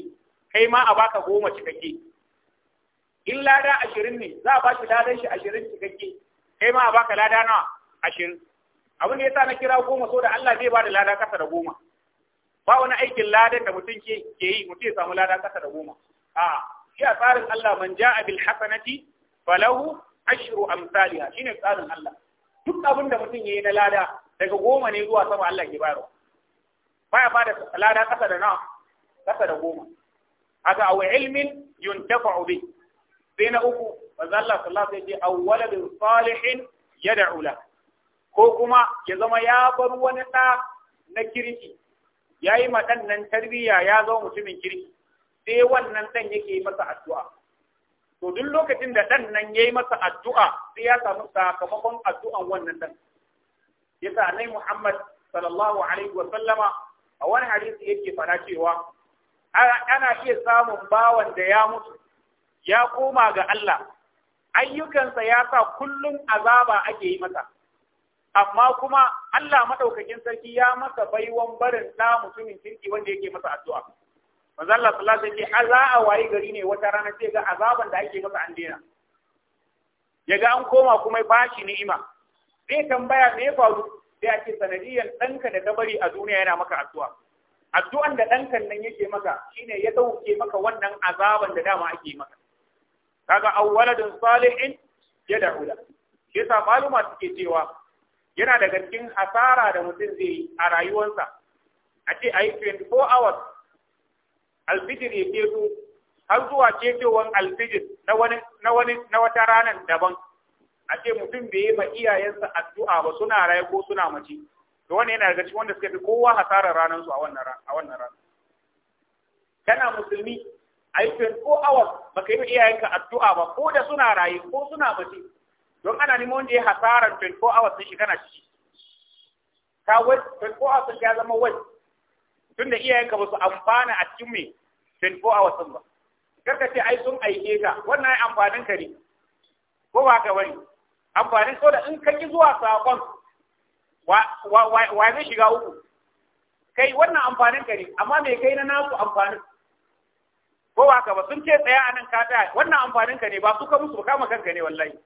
Speaker 1: kai ma a baka goma cikakke in lada ashirin ne za a bashi ladan shi ashirin cikakke kai ma a baka lada nawa ashirin abin da yasa na kira goma so da Allah zai bada lada kasa da goma ba wani aikin ladan da mutum ke yi mutum ya samu lada kasa da goma a a tsarin Allah man ja'a bil hasanati falahu ashru amsalha shine tsarin Allah duk abin da mutum yayi na lada daga goma ne zuwa sama Allah ke bayarwa baya ba da lada kasa da nawa kasa da goma haka aw ilmin yuntafa ubi sai na uku manzo Allah sallallahu alaihi wasallam ya ce waladin salihin yad'u la ko kuma ya zama ya bar wani da na kirki yayi ma nan tarbiyya ya zama mutumin kirki sai wannan dan yake masa addu'a to duk lokacin da dan nan yayi masa addu'a sai ya samu sakamakon addu'an wannan dan yasa annabi Muhammad sallallahu alaihi wa sallama a wani hadisi yake fara cewa ana iya samun bawan da ya mutu ya koma ga Allah ayyukansa ya sa kullum azaba ake yi masa amma kuma Allah madaukakin sarki ya masa baiwan barin da mutumin kirki wanda yake masa addu'a manzo Allah sallallahu alaihi wasallam za a wayi gari ne wata rana sai ga azaban da ake masa an yaga an koma kuma ba shi ni'ima zai tambaya me ya faru sai ake sanadiyan ɗanka da bari a duniya yana maka addu'a addu'an da ɗankan nan yake maka shine ya dauke maka wannan azaban da dama ake maka kaga awwaladun salihin ya da'ula shi yasa maluma suke cewa yana daga cikin hasara da mutum zai yi a rayuwarsa a ce a 24 hours alfijir ya har zuwa ketowar alfijir na wani na wani na wata ranar daban a ce mutum bai yi ma iyayensa addu'a ba suna raye ko suna mace to wannan yana daga cikin wanda suka fi kowa hasara ranar su a wannan a wannan ran kana musulmi ai 24 hours baka yi ma iyayenka addu'a ba ko da suna raye ko suna mace don ana neman wanda ya hasarar 24 hours sun shi kana ciki ka wai 24 hours ya zama wai tunda iyayenka ba su amfana a cikin me 24 hours ba karka ce ai sun aike ka wannan ai amfanin ka ne ko ba ka bane amfanin so da in kaki zuwa sakon wa zai shiga uku kai wannan amfanin ka ne amma me kai na naku amfanin ko ba ka ba sun ce tsaya a nan ka tsaya wannan amfanin ka ne ba su ka musu ka kama kanka ne wallahi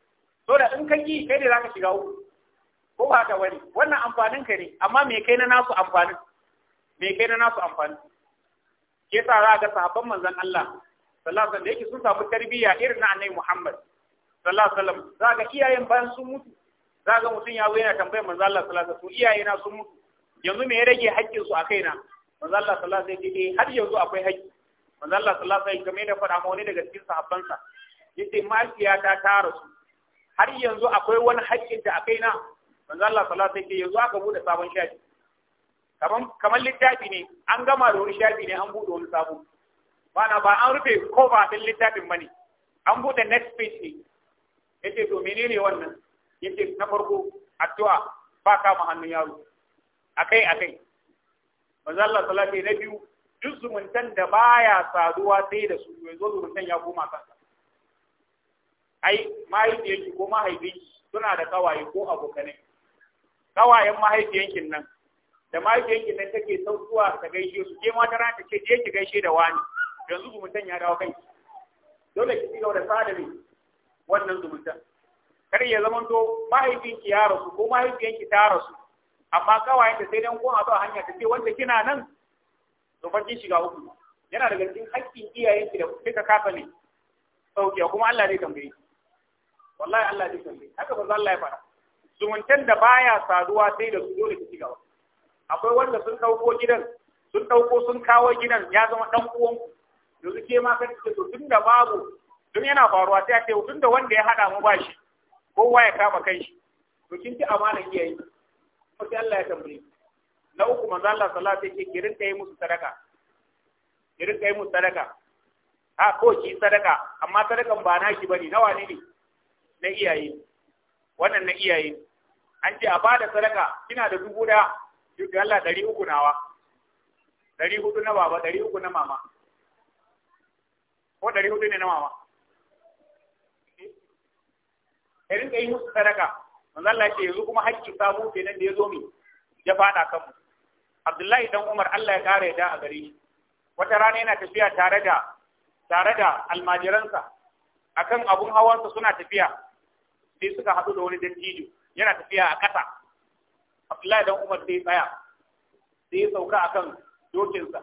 Speaker 1: so da in kaki kai ne za ka shiga uku ko ba ka bane wannan amfanin ka ne amma me kai na naku amfanin me kai na naku amfanin ke sa za ga sahabban manzon Allah sallallahu alaihi wasallam da yake sun samu tarbiyya irin na annabi Muhammad sallallahu alaihi wasallam zaka iyayen bayan sun mutu zaka mutum ya zo yana tambayar manzo Allah sallallahu alaihi wasallam iyayena sun mutu yanzu me ya rage haƙƙin su a kaina manzo Allah sallallahu alaihi wasallam yace eh, har yanzu akwai haƙƙi manzo Allah sallallahu alaihi wasallam kamar da faɗa ma wani daga cikin sahabbansa yace mahaifiyata ta rasu har yanzu akwai wani haƙƙin ta a kaina manzo Allah sallallahu alaihi wasallam yanzu aka bude sabon shafi Kamar kaman littafi ne an gama da wani shafi ne an bude wani sabo na ba an rufe kofa din littafin bane an bude next page ne yace to menene wannan yace na farko addu'a ba kama hannun yaro akai akai manzo Allah sallallahu alaihi na biyu duk zumuntan da baya saduwa sai da su yanzu zumuntan ya koma kansa ai mahaifiyarki ko mahaifinki suna da kawaye ko abokanai kawayen mahaifiyankin nan da mahaifiyankin nan take sautuwa ta gaishe su ke mata rana ta ce je ki gaishe da wani yanzu zumuntan ya dawo kai dole ki ga da sadari wannan zumunta kar ya zama to mahaifinki ya rasu ko mahaifiyanki ta rasu amma kawai da sai dan ko a zuwa hanya ta ce wanda kina nan to fa kin shiga uku yana daga cikin haƙƙin iyayenki da kika kafa ne sauke kuma Allah zai tambaye wallahi Allah zai tambaye haka ba Allah ya fara zumuntan da baya saduwa sai da su dole ki shiga akwai wanda sun dauko gidan sun dauko sun kawo gidan ya zama dan uwan yanzu ke ma kace to tunda babu don yana faruwa sai a ce tun da wanda ya haɗa mu ba shi kowa ya kama kai shi to kin ji amana iyaye ko sai Allah ya tambaye na uku manzo Allah sallallahu alaihi wasallam ki rinka kai musu sadaka ki kai musu sadaka ha ko ki sadaka amma sadakan ba na shi bane nawa ne ne na iyaye wannan na iyaye an ce a bada sadaka kina da dubu da duk Allah ɗari uku nawa ɗari hudu na baba ɗari uku na mama ko ɗari hudu ne na mama ka rinka yi musu sadaka manzo Allah ce yanzu kuma hakkin samu kenan da ya zo mi ya fada kan mu Abdullahi dan Umar Allah ya kare da a gari. shi wata rana yana tafiya tare da tare da almajiransa akan abun hawansa suna tafiya sai suka haɗu da wani dattijo yana tafiya a ƙasa Abdullahi dan Umar sai tsaya sai ya sauka akan dokinsa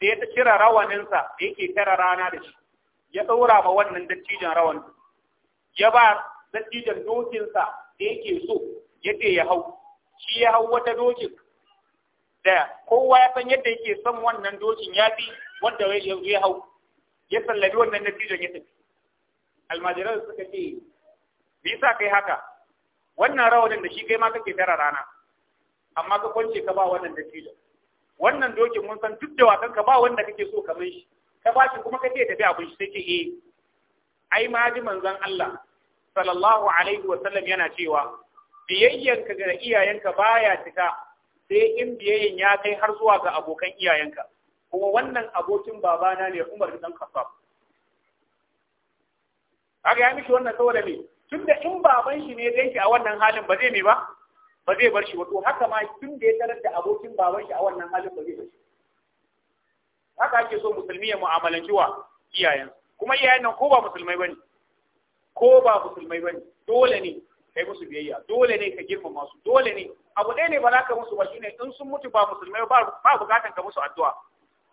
Speaker 1: sai ya cire rawaninsa da yake tara rana da shi ya daura ma wannan dattijon rawanin ya ba dattijan dokinsa da yake so ya ce ya hau shi ya hau wata dokin da kowa ya san yadda yake son wannan dokin ya fi wanda ya hau ya sallabi wannan dattijan ya tafi almajiran suka ce me sa kai haka wannan rawanin da shi kai ma kake tara rana amma ka kwance ka ba wannan dattijan wannan dokin mun san duk da wasan ka ba wanda kake so kamar shi ka ba shi kuma ka ce tafi abin shi sai ke eh ai ma ji manzon Allah sallallahu alaihi wasallam yana cewa biyayyanka ga iyayenka baya cika sai in biyayyan ya kai har zuwa ga abokan iyayenka kuma wannan abokin babana ne Umar bin Khattab Haka ya miki wannan saboda me tunda in baban shi ne dan shi a wannan halin ba zai me ba ba zai bar shi ba haka ma tun da ya tarar da abokin baban shi a wannan halin ba zai bar shi haka ake so musulmi ya mu'amalanci wa iyayen kuma iyayen nan ko ba musulmai bane ko ba musulmai bane dole ne kai musu biyayya dole ne ka girmama su dole ne abu ɗaya ne ba za ka musu ba shine in sun mutu ba musulmai ba bukatan ka musu addu'a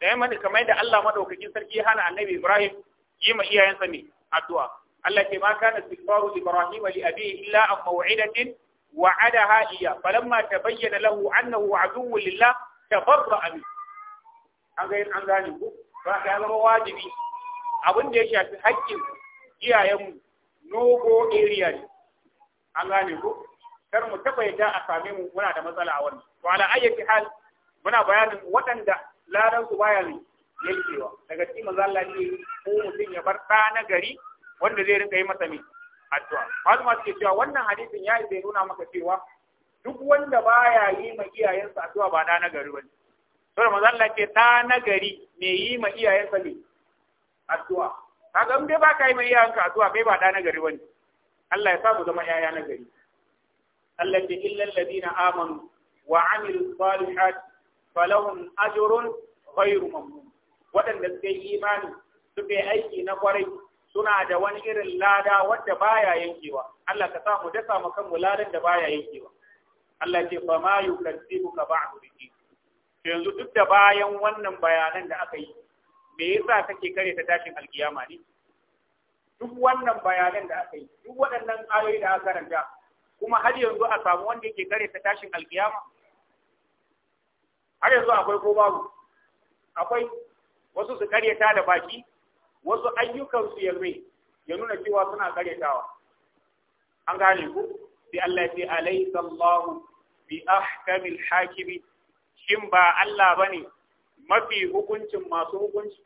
Speaker 1: da yamma kamar yadda Allah madaukakin sarki hana annabi Ibrahim yi ma iyayensa ne addu'a Allah ke ma kana istighfaru Ibrahim li abihi illa an maw'idatin wa'adaha iya falamma tabayyana lahu annahu aduwwun lillah tabarra'a min an ga an gane ku ba ka zama wajibi abin da ya shafi haƙƙin iyayenmu no-go area ne an gane ko kar mu taɓa yadda a same mu muna da matsala a wannan to ala ayyati hal muna bayanin waɗanda ladan su baya ne yankewa daga cikin manzo Allah ne ko mutum ya bar ta na gari wanda zai rinka yi masa mai addu'a malama suke cewa wannan hadisin ya yi nuna maka cewa duk wanda baya yi ma iyayensa addu'a ba da na gari bane to manzo Allah ke ta na gari ne yi ma iyayensa ne addu'a kaga in bai ba ka yi mai a addu'a kai ba da nagari gari bane Allah ya sa mu zama yaya na gari Allah ce illal ladina amanu wa amilu salihat falahum ajrun ghayru mamnun waɗanda suka yi imani suka yi aiki na kwarai suna da wani irin lada wadda baya yankewa Allah ka samu da samu kan ladan da baya yankewa Allah ce fa ma yukazzibuka ba'du bihi yanzu duk da bayan wannan bayanan da aka yi me yasa kake kare ta tashin alkiyama ne duk wannan bayanan da aka yi duk waɗannan ayoyi da aka karanta kuma har yanzu a samu wanda yake kare ta tashin alkiyama har yanzu akwai ko babu akwai wasu su ta da baki wasu ayyukan su zai ya nuna cewa suna karyatawa an gane ku sai Allah ya ce alaysa Allahu bi ahkamil hakimi shin ba Allah bane mafi hukuncin masu hukunci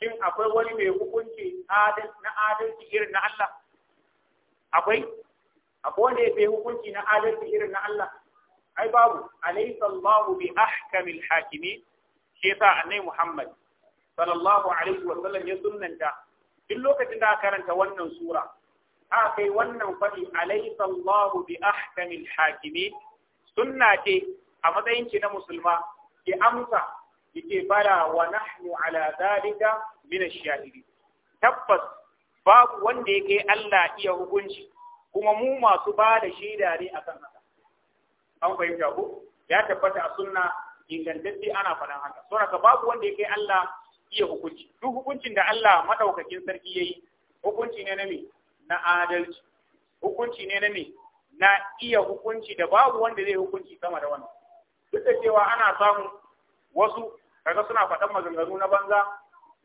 Speaker 1: shin akwai wani mai hukunci na adalci irin na Allah akwai akwai wanda ya fi hukunci na adalci irin na Allah ai babu alaysa Allahu bi ahkamil hakimin shi yasa annabi Muhammad sallallahu alaihi wa sallam ya sunnanta duk lokacin da aka karanta wannan sura aka kai wannan fadi alaysa Allahu bi ahkamil hakimin sunna ce a matsayin ki na musulma ki amsa yake bala wa nahnu ala zalika min ash-shahidin tabbas babu wanda yake Allah iya hukunci kuma mu masu ba da shaida ne akan haka an fahimta ko ya tabbata a sunna ingantacce ana faɗan haka saboda babu wanda yake Allah iya hukunci duk hukuncin da Allah madaukakin sarki yayi hukunci ne na me na adalci hukunci ne na me na iya hukunci da babu wanda zai hukunci sama da wannan duk da cewa ana samun wasu kaga suna faɗan maganganu na banza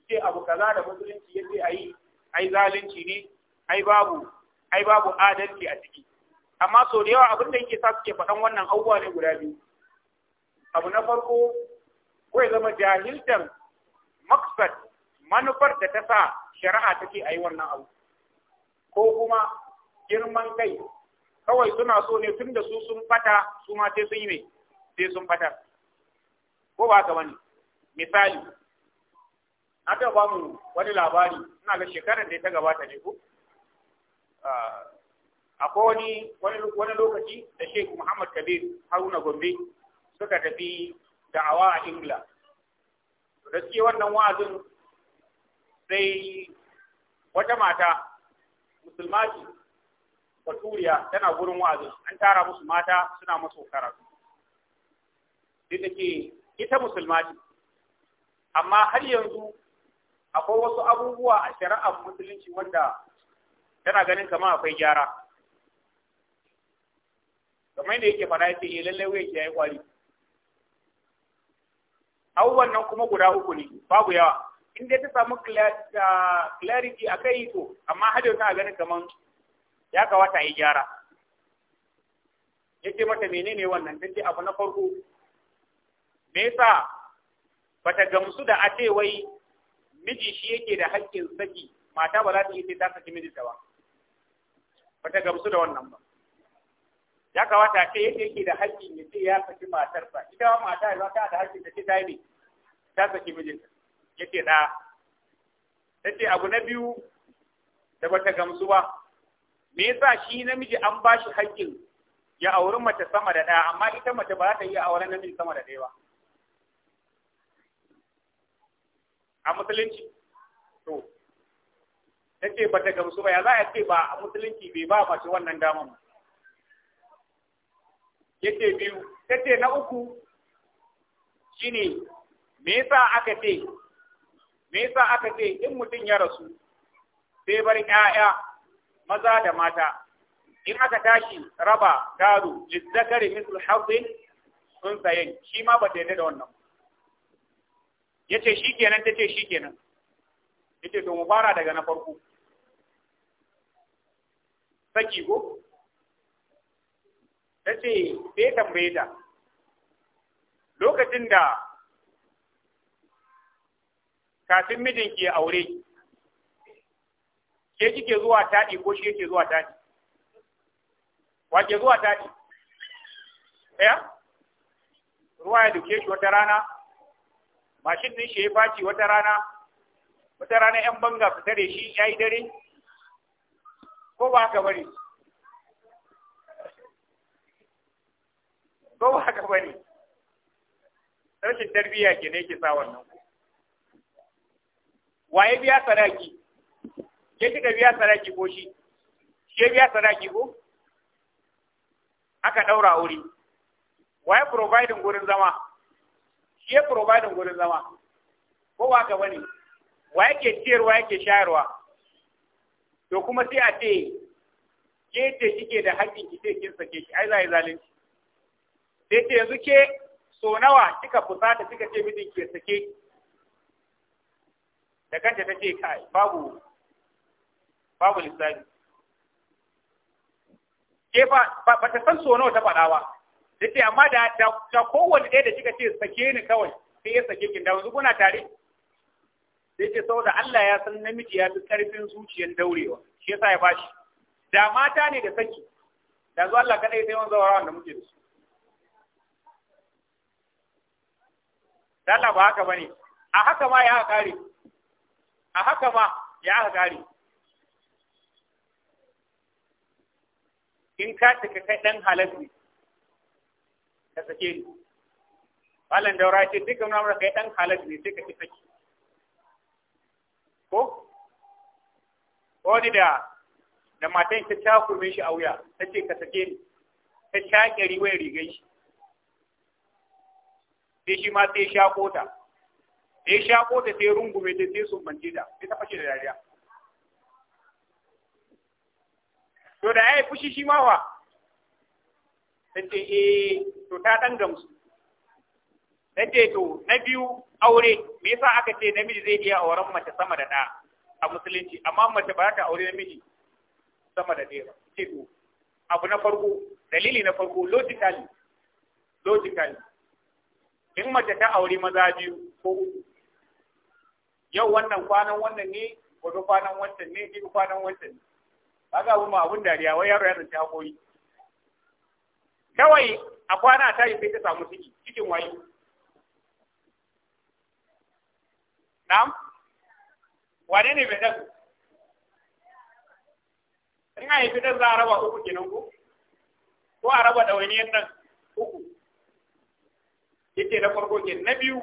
Speaker 1: ce abu kaza da musulunci yace ayi ai zalunci ne ai babu ai babu adalci a ciki amma so da yawa abin da yake sa suke faɗan wannan abubuwa ne guda biyu abu na farko ya zama jahiltan maksad manufar da ta sa shari'a take ayi wannan abu ko kuma girman kai kawai suna so ne tun da su sun fata su ma sai sun yi mai sai sun fata ko ba ka bane misali an taɓa ba mu wani labari ina ga shekarar da ta gabata ne ko akwai wani wani lokaci da Sheikh Muhammad Kabir Haruna Gombe suka tafi da'awa a Ingila da suke wannan wa'azin sai wata mata musulma ce baturiya tana gurin wa'azin an tara musu mata suna masu karatu sai ke ita musulma ce amma har yanzu akwai wasu abubuwa a shari'ar musulunci wanda tana ganin kamar akwai gyara kamar da yake fara yake eh, lallai wai ya yi kwari abubuwan nan kuma guda uku ne babu yawa in dai ta samu ah, clarity a kai to amma har yanzu a ganin kamar ya kawata yi gyara yake mata menene wannan tace abu na farko me yasa bata gamsu da a ce wai miji shi yake da haƙƙin saki mata ba za ta yi ta saki miji ba bata gamsu da wannan ba ya kamata a ce yake yake da haƙƙin ya ce ya saki matarsa ita ma mata za ta da haƙƙin ta ce ta yi ta saki mijinta ya ce da, ta ce abu na biyu da bata gamsu ba me yasa shi namiji an ba shi haƙƙin ya auri mace sama da ɗaya amma ita mace ba za ta iya auren namiji sama da ɗaya ba a musulunci to ta ce ba ta gamsu ba ya za a ce ba a musulunci bai ba mace wannan daman yake biyu ta ce na uku shine me yasa aka ce me yasa aka ce in mutum ya rasu sai bar 'ya'ya maza da mata in aka tashi raba gado lizzakari misal hazin sun sayen shi ma ba ta da wannan ya ce shi kenan ta ce shi kenan ya ce to mu fara daga na farko saki ko ta ce sai tambaye ta lokacin da kafin mijin ke aure ke kike zuwa taɗi ko shi yake zuwa taɗi wa ke zuwa taɗi ɗaya ruwa ya duke shi wata rana mashin din shi ya faci wata rana wata rana yan banga fitar da shi ya yi dare ko ba haka bane ko ba haka bane rashin tarbiyya ke ne ke sa wannan waye biya sadaki ke kika biya sadaki ko shi ke biya sadaki ko aka daura aure waye providing gurin zama ke ya providin gurin zama ko ba ka bane wa yake ciyarwa yake shayarwa to kuma sai a ce ke ce kike da haƙƙin ki sai kin sake ki ai zai zalunci sai ce yanzu ke so nawa kika fusata kika ce mijin ki sake da kanta ta ce kai babu babu lissafi ke ba ba ta san so nawa ta faɗa ba Nace amma da da kowanne ɗaya da kika ce sake ni kawai sai ya sake kin dawo kuna tare sai ce saboda Allah ya san namiji ya fi karfin zuciyar daurewa shi yasa ya bashi da mata ne da saki da zuwa Allah kadai sai wani zawarawan da muke da su Dalla ba haka bane a haka ma ya kare a haka ma ya kare in ka tuka kai ɗan halal ne ka sake ni malam daura ce duka muna mura kai dan halal ne sai ka ci saki ko wani da da matan ta kurmin shi a wuya ta ce ka sake ni ta shaƙe riwayar rigar shi sai shi ma sai sha kota sai sha kota sai rungume ta sai sumbance da. sai ta fashe da dariya to da ya yi fushi shi ma wa ta eh to ta dan gamsu na ce to na biyu aure me yasa aka ce namiji zai iya auren mace sama da ɗa a musulunci amma mace ba ta aure namiji sama da ɗaya ce to abu na farko dalili na farko logically logically in mace ta aure maza biyu ko uku yau wannan kwanan wannan ne gobe kwanan wancan ne ko kwanan wancan ne kaga abun ma abun dariya wai yaro ya tsinci hakori kawai a kwana ta yi sai ta samu ciki cikin wayo na'am wane ne bai dasu in a yi fitar za a raba uku kenan ku ko a raba wani nan uku yake na farko ke na biyu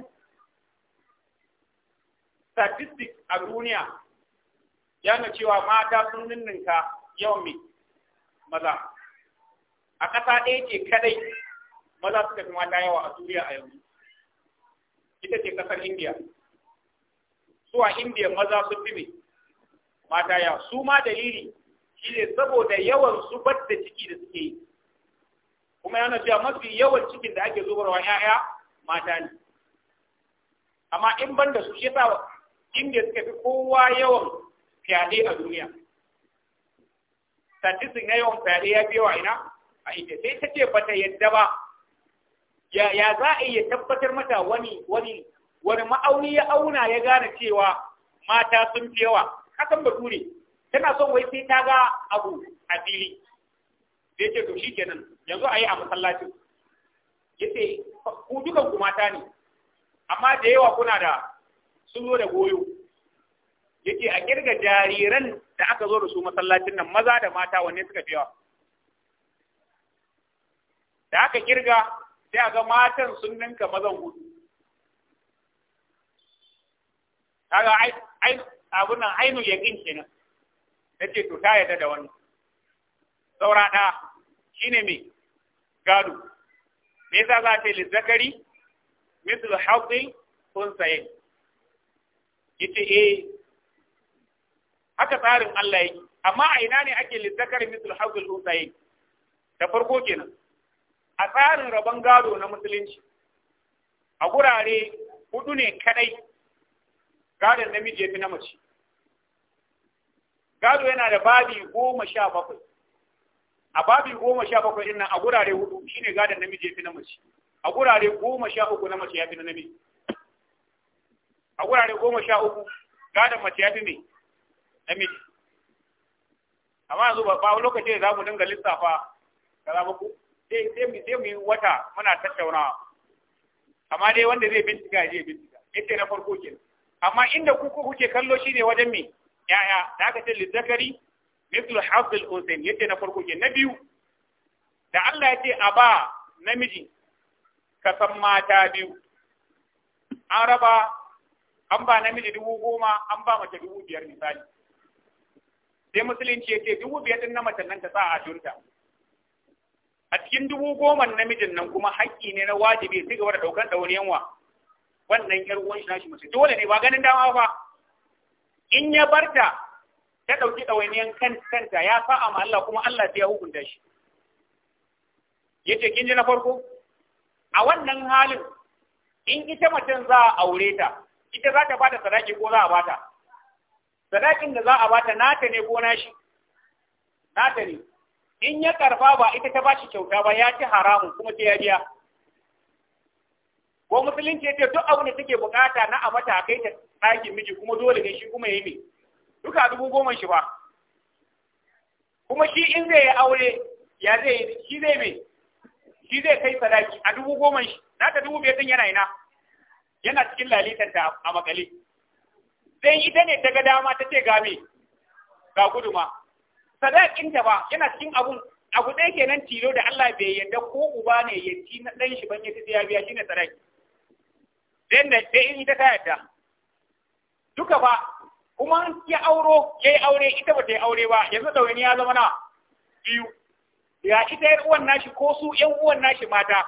Speaker 1: statistics a duniya yana cewa mata sun ninninka yawan mai maza a ƙasa ɗaya ce kadai maza suka fi mata yawa a duniya a yanzu ita ce ƙasar indiya su a indiya maza sun fi mata yawa su ma dalili shi ne saboda yawan su da ciki da suke yi kuma yana cewa mafi yawan cikin da ake zubarwa 'ya'ya mata ne amma in ban da su shi yasa indiya suka fi kowa yawan fyaɗe a duniya statistics na yawan fyaɗe ya fi yawa ina a ita sai ta ce bata yadda ba ya za a iya tabbatar mata wani wani wani ma'auni ya auna ya gane cewa mata sun fi yawa hakan bature tana son wai sai ta ga abu a fili zai ce to shikenan yanzu a yi a masallacin ce ku dukan ku mata ne amma da yawa kuna da sun da goyo yake a kirga jariran da aka zo da su masallacin nan maza da mata wanne suka fi yawa da aka kirga sai a ga matan sun ninka mazan hudu kaga ai abunan ainul yaqin kenan nace to ta yadda da wani. saura da shine me gado me yasa za ta yi zakari mislu hadhi unsayin yace eh haka tsarin Allah yake amma a ina ne ake lizzakari mislu hadhi unsayin da farko kenan a tsarin rabon gado na musulunci a gurare hudu ne kadai gadon namiji ya fi na mace gado yana da babi goma sha bakwai a babi goma sha bakwai ɗin nan a gurare hudu shine gadon namiji ya fi na mace a gurare goma sha uku na mace ya fi na namiji a gurare goma sha uku gadon mace ya fi ne namiji amma yanzu ba lokaci da za mu dinga lissafa ka zama ku sai mu yi wata muna tattaunawa amma dai wanda zai bincika zai bincika yace na farko ke amma inda ku ku kuke kallo shine wajen mai, yaya da aka ce lizzakari mithlu hafz al-usayn na farko ke na biyu da Allah ya ce a ba namiji ka san mata biyu an raba an ba namiji dubu goma an ba mace dubu biyar misali sai musulunci ya ce dubu biyar din na mace nan ta sa a junta a cikin dubu goma namijin nan kuma haƙƙi ne na wajibi su gaba da ɗaukar ɗauniyan wa wannan ƴar uwan shi nashi mace dole ne ba ganin dama ba in ya barta ta ɗauki ɗawainiyan kan kanta ya sa a Allah kuma Allah sai ya hukunta shi yace kin ji na farko a wannan halin in ita macen za a aure ta ita za ta bada sadaki ko za a bata sadakin da za a bata nata ne ko nashi nata ne in ya karba ba ita ta bashi kyauta ba ya ci haramun kuma sai ya biya ko musulunci ya ce duk abu da take bukata na a mata kai ta ɗakin miji kuma dole ne shi kuma ya yi ne duka dubu goma shi ba kuma shi in zai yi aure ya zai yi shi zai mai shi zai kai sadaki a dubu goma shi na ta dubu biyar yana ina yana cikin ta a makale sai ita ne ta ga dama ta ce ga me ga guduma sadakin da ba yana cikin abun abu ɗaya kenan tilo da Allah bai yarda ko uba ne ya ci na ɗan shi ban ya ya biya shine sadaki dan da dai in ita ta yarda duka ba kuma ya auro yayi aure ita ba ta yi aure ba yanzu wani ya zama na biyu ya ita yar uwan nashi ko su yan uwan nashi mata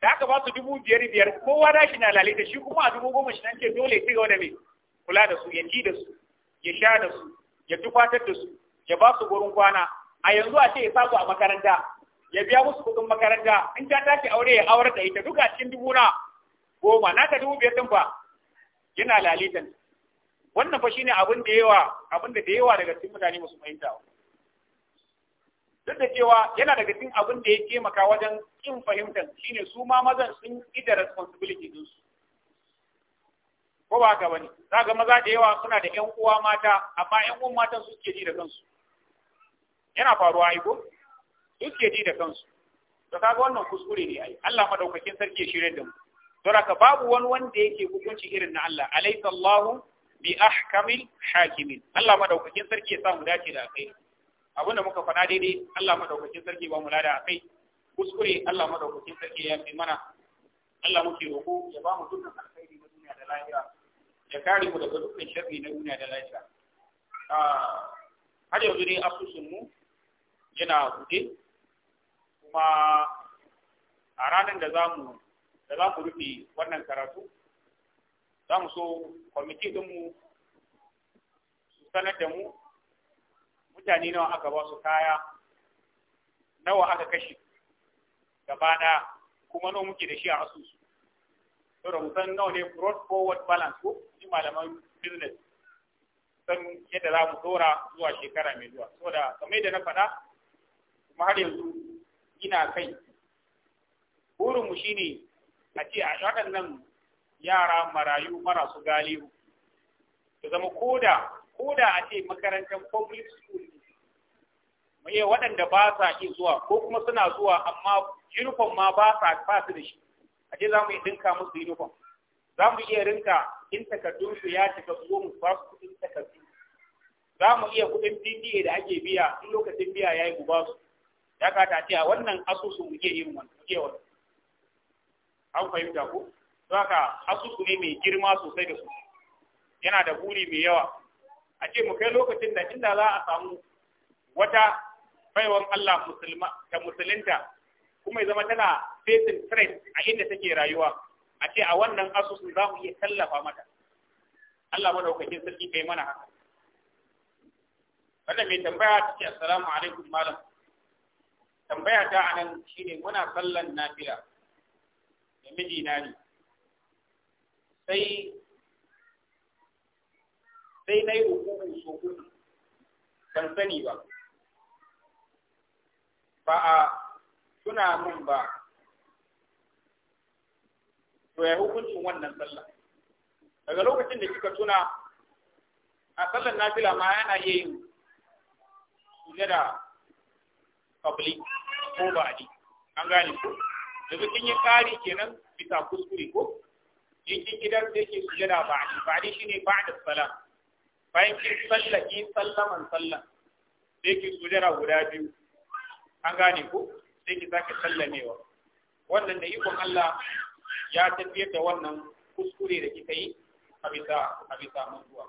Speaker 1: da aka ba su dubu biyar biyar kowa nashi na da shi kuma a dubu goma shi nan ce dole ya ci gaba da me kula da su ya ci da su ya sha da su ya tufatar da su ya ba su gurin kwana a yanzu a ce ya sa su a makaranta ya biya musu kuɗin makaranta in ta tashi aure ya aure da ita duka cikin dubu na goma naka dubu biyar din fa yana lalitan wannan fa shine abin da yawa abin da da yawa daga cikin mutane musu fahimta duk da cewa yana daga cikin abin da ya taimaka wajen kin fahimtar shine su ma mazan sun da responsibility din su ko ba haka bane ga maza da yawa suna da 'yan uwa mata amma 'yan uwan matan su suke ji da kansu yana faruwa ai ko suke ji da kansu to kaga wannan kuskure ne ai Allah madaukakin sarki ya shirye da mu don raka babu wani wanda yake hukunci irin na Allah alaysa Allahu bi ahkamil hakimin Allah madaukakin sarki ya sa mu dace da kai abin da muka faɗa daidai Allah madaukakin sarki ba mu lada kai kuskure Allah madaukakin sarki ya fi mana Allah muke roko ya ba mu dukkan alkhairi na duniya da lahira ya kare mu daga dukkan sharri na duniya da lahira ah, har yanzu dai asusun mu yana buɗe kuma a ranar da za mu da za mu rufe wannan karatu za mu so kwamiti ɗinmu su sanar da mu mutane nawa aka ba su kaya nawa aka kashe gaba ɗaya kuma nawa muke da shi a asusu saboda mu san nawa ne broad forward balance ko shi malaman business san yadda za mu dora zuwa shekara mai zuwa saboda kamar yadda na faɗa kuma har yanzu ina kai burinmu shi ne a ce a waɗannan yara marayu marasu galihu Ta zama koda koda a ce makarantar public school iya waɗanda ba sa ke zuwa ko kuma suna zuwa amma uniform ma ba sa ba su da shi a ce za mu iya dinka musu uniform za mu iya rinka in takardunsu ya cika zuwa mu ba su kuɗin takardu za mu iya kuɗin PTA da ake biya in lokacin biya ya yi guba su ya kata ce a wannan asusu muke yin wannan muke wannan an fahimta ko to haka asusu ne mai girma sosai da su yana da buri mai yawa a ce mu kai lokacin da inda za a samu wata baiwan Allah musulma ta musulunta kuma ya zama tana facing threat a inda take rayuwa a ce a wannan asusu za mu iya tallafa mata Allah madaukakin sarki kai mana haka wannan mai tambaya ta ce assalamu alaikum malam tambaya ta anan shine muna sallan nafila da mijina ne sai sai na yi hukumu so uku ban sani ba ba a tuna mun ba to ya hukuncin wannan sallah daga lokacin da kika tuna a sallan nafila ma yana iya yin sujada kabli ko ba'di an gane ko yanzu kin yi kari kenan bisa kuskure ko in kin gidan sai ke sujada ba'di ne shine da salam bayan kin sallaki sallaman sallan sai ki sujada guda biyu an gane ko sai ki sake sallamewa wannan da ikon Allah ya tafiyar da wannan kuskure da kika yi a bisa a bisa manzuwa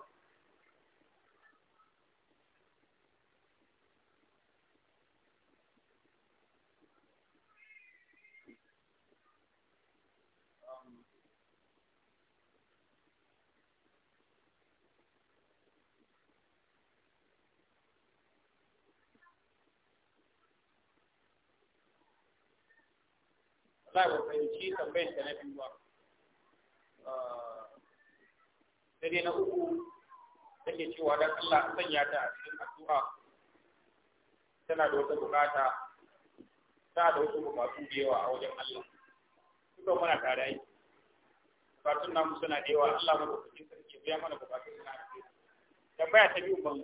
Speaker 1: za ka fahimci tambayar ta na biyu ba ah, sai dai na uku take cewa dan Allah sanya ta a cikin tana da wata ta da wasu bukatu da yawa a wajen Allah a muna tare yi bukatun namu suna da yawa Allah mu bukatun sarki biya mana bukatun suna da yawa tambaya ta biyu ban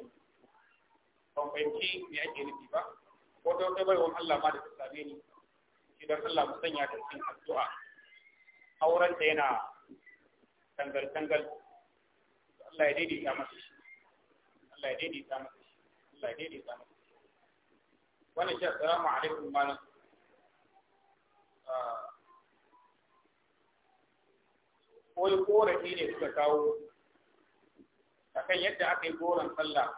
Speaker 1: ban fahimci me ake nufi ba ko ta wata baiwan Allah ma da ta same ni sarki don Allah mu sanya ta cikin addu'a auren da yana tangal tangal Allah ya daidaita masa shi Allah ya daidaita masa shi Allah ya ta masa shi wannan shi assalamu alaikum malam ah, wani korafi ne suka kawo akan yadda aka yi goron sallah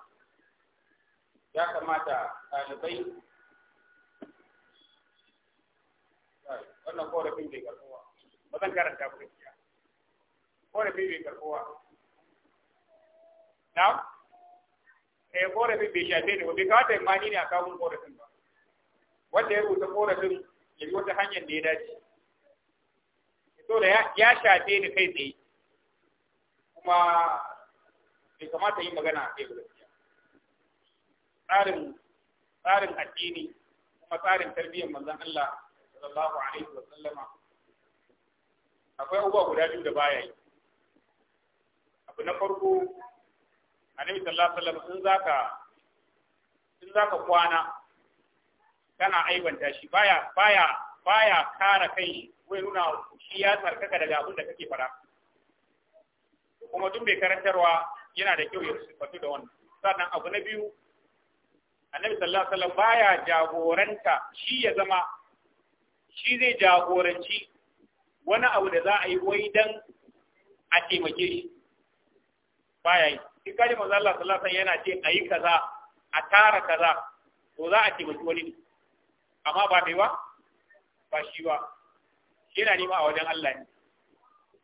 Speaker 1: ya kamata ɗalibai wannan bin bai karɓuwa ba zan karanta ku gaskiya bin bai karɓuwa na eh bin bai shafe ni ba bai kawata yin mani ne a kawun bin ba wanda ya rubuta bin ya bi wata hanyar da ya dace to da ya shafe ni kai tsaye kuma bai kamata yin magana a kai ba gaskiya tsarin tsarin addini kuma tsarin tarbiyyar manzon Allah sallallahu alaihi wa sallama akwai abubuwa guda biyu da baya yi abu na farko annabi sallallahu alaihi wa sallama in zaka in zaka kwana kana aibanta shi baya baya baya kara kai wai nuna shi ya tsarkaka daga abin da kake fara kuma duk bai karantarwa yana da kyau ya sifatu da wannan sannan abu na biyu annabi sallallahu alaihi wasallam baya jagoranta shi ya zama shi zai jagoranci wani abu da za a yi wai dan a taimake shi baya yi shi kaji manzo Allah sallallahu yana ce a yi kaza a tara kaza to za a taimaki wani ne amma ba mai ba ba shi ba yana nema a wajen Allah ne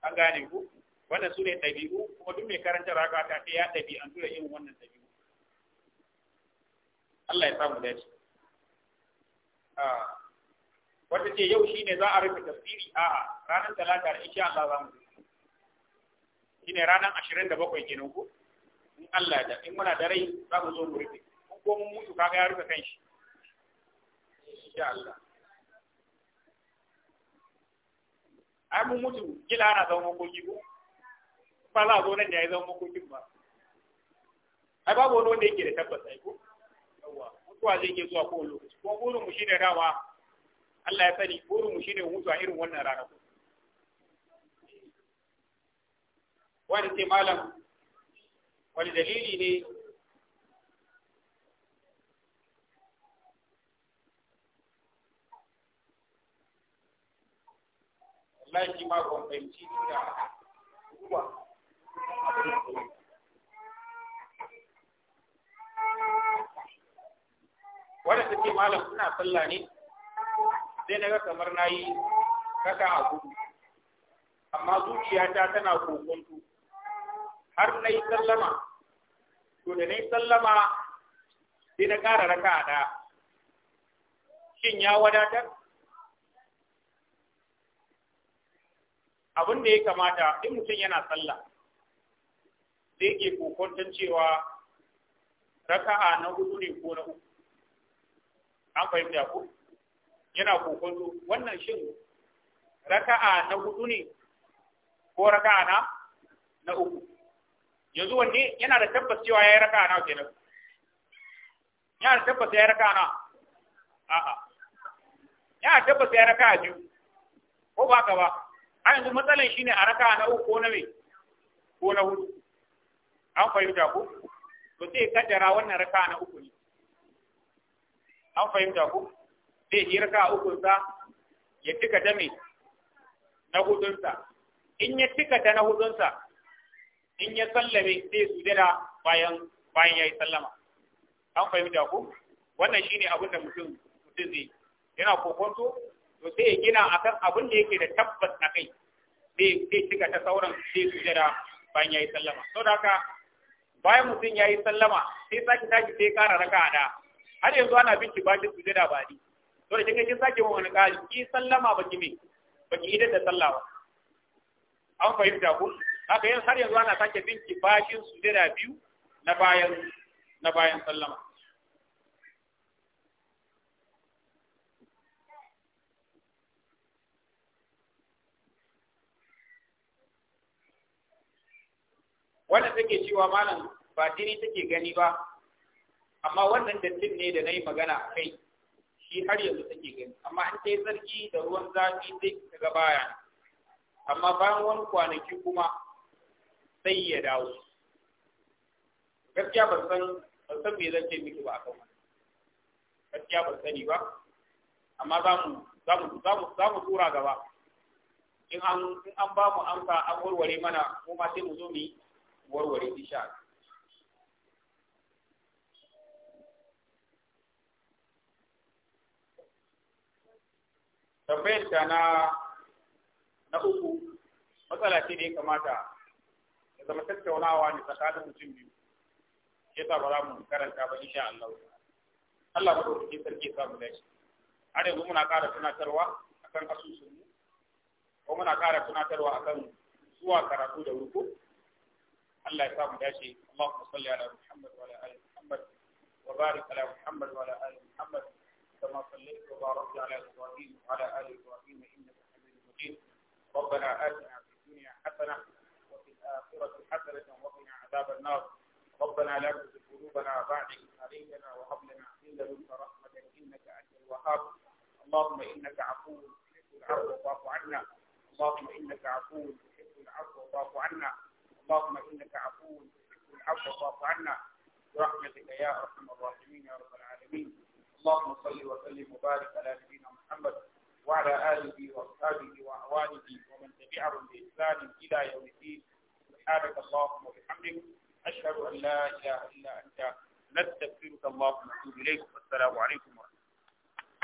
Speaker 1: an gane ku wannan su ne ɗabi'u kuma duk mai karanta raka ta ce ya ɗabi'antu da yin wannan ɗabi'u Allah ya samu dace. Ah. wata ce yau shine za a rufe tafsiri a'a ranar talata da isha Allah za mu shine ranar ashirin da bakwai kenan ku? in Allah da in muna da rai za mu zo mu rufe in ko mun mutu kaga ya rufe kanshi insha Allah ai mun mutu kila ana zama makoki ko ba za a zo nan da ya zama makokin ba ai babu wani wanda yake da tabbas ai ko yawa mutuwa zai iya zuwa ko lokaci ko burin mu shine dama Allah ya sani burin mu shine mutuwa a irin wannan rana wani ce malam wani dalili ne wallahi ma ban fahimci da kuwa wadda take malam suna sallah ne sai na ga kamar na yi kaka a gudu amma zuciyata tana kokonto har na yi sallama to da na yi sallama sai na ƙara raka a ɗaya shin ya wadatar abin da ya kamata in mutum yana tsalla sai ke kokonton cewa raka'a na hudu ne ko na uku an fahimta ku yana kokonto wannan shin raka'a na hudu ne ko raka'a na na uku yanzu wanne yana da tabbas cewa yayi raka'a na kenan yana da tabbas yayi raka'a na a'a yana tabbas yayi raka'a biyu ko ba ka ba a yanzu matsalan shine a raka'a na uku ko na me ko na hudu an fahimta ko to sai kaddara wannan raka'a na uku ne an fahimta ko zai yi raka ukunsa ya cika ta mai na hudunsa in ya cika ta na hudunsa in ya sallame zai sujada bayan bayan yi sallama an fahimta ku wannan shine abin da mutum mutum zai yana kokonto to sai ya gina akan abin da yake da tabbas a kai sai sai cika ta sauran sai sujada bayan yi sallama saboda haka bayan mutum ya yi sallama sai saki saki sai kara raka'a da har yanzu ana binci ba shi sujada ba ni dole da kinga kin sake wa wani kali ki sallama baki me baki idan da sallawa an fahimta ku haka yan har yanzu ana sake bin bashin su da biyu na bayan na bayan sallama wannan take cewa malam ba jini take gani ba amma wannan dattin ne da na yi magana a kai shi har yanzu take gani amma an kai sarki da ruwan zafi zai daga baya amma bayan wani kwanaki kuma sai ya dawo gaskiya ban san ban san me zan ce miki ba akan wannan gaskiya ban sani ba amma za mu za mu za mu za mu tura gaba in an in an ba mu amsa an warware mana ma sai mu zo mu warware insha Allah tambayar ta na na uku matsala ce da ya kamata ya zama tattaunawa ne tsakanin mutum biyu ya sa ba za mu karanta ba insha Allah Allah ba da sarki ya mu dace har yanzu muna ƙara tunatarwa akan asusun mu ko muna ƙara tunatarwa akan zuwa karatu da ruku Allah ya sa mu dace Allahumma salli ala Muhammad wa ala ali Muhammad wa barik ala Muhammad wa ala ali Muhammad كما صليت وباركت على إبراهيم وعلى آل إبراهيم إنك حميد مجيد ربنا آتنا في الدنيا حسنة وفي الآخرة حسنة وقنا عذاب النار ربنا لا تزغ قلوبنا بعد إذ هديتنا وهب لنا من لدنك رحمة إنك أنت الوهاب اللهم إنك عفو تحب العفو فاعف عنا اللهم إنك عفو تحب العفو فاعف عنا اللهم إنك عفو تحب العفو فاعف عنا برحمتك يا أرحم الراحمين يا رب العالمين اللهم صل وسلم وبارك على نبينا محمد وعلى آله وأصحابه وأعوانه ومن تبعهم بإحسان إلى يوم الدين سبحانك اللهم وبحمدك أشهد أن لا إله إلا أنت نستغفرك اللهم ونتوب إليك والسلام عليكم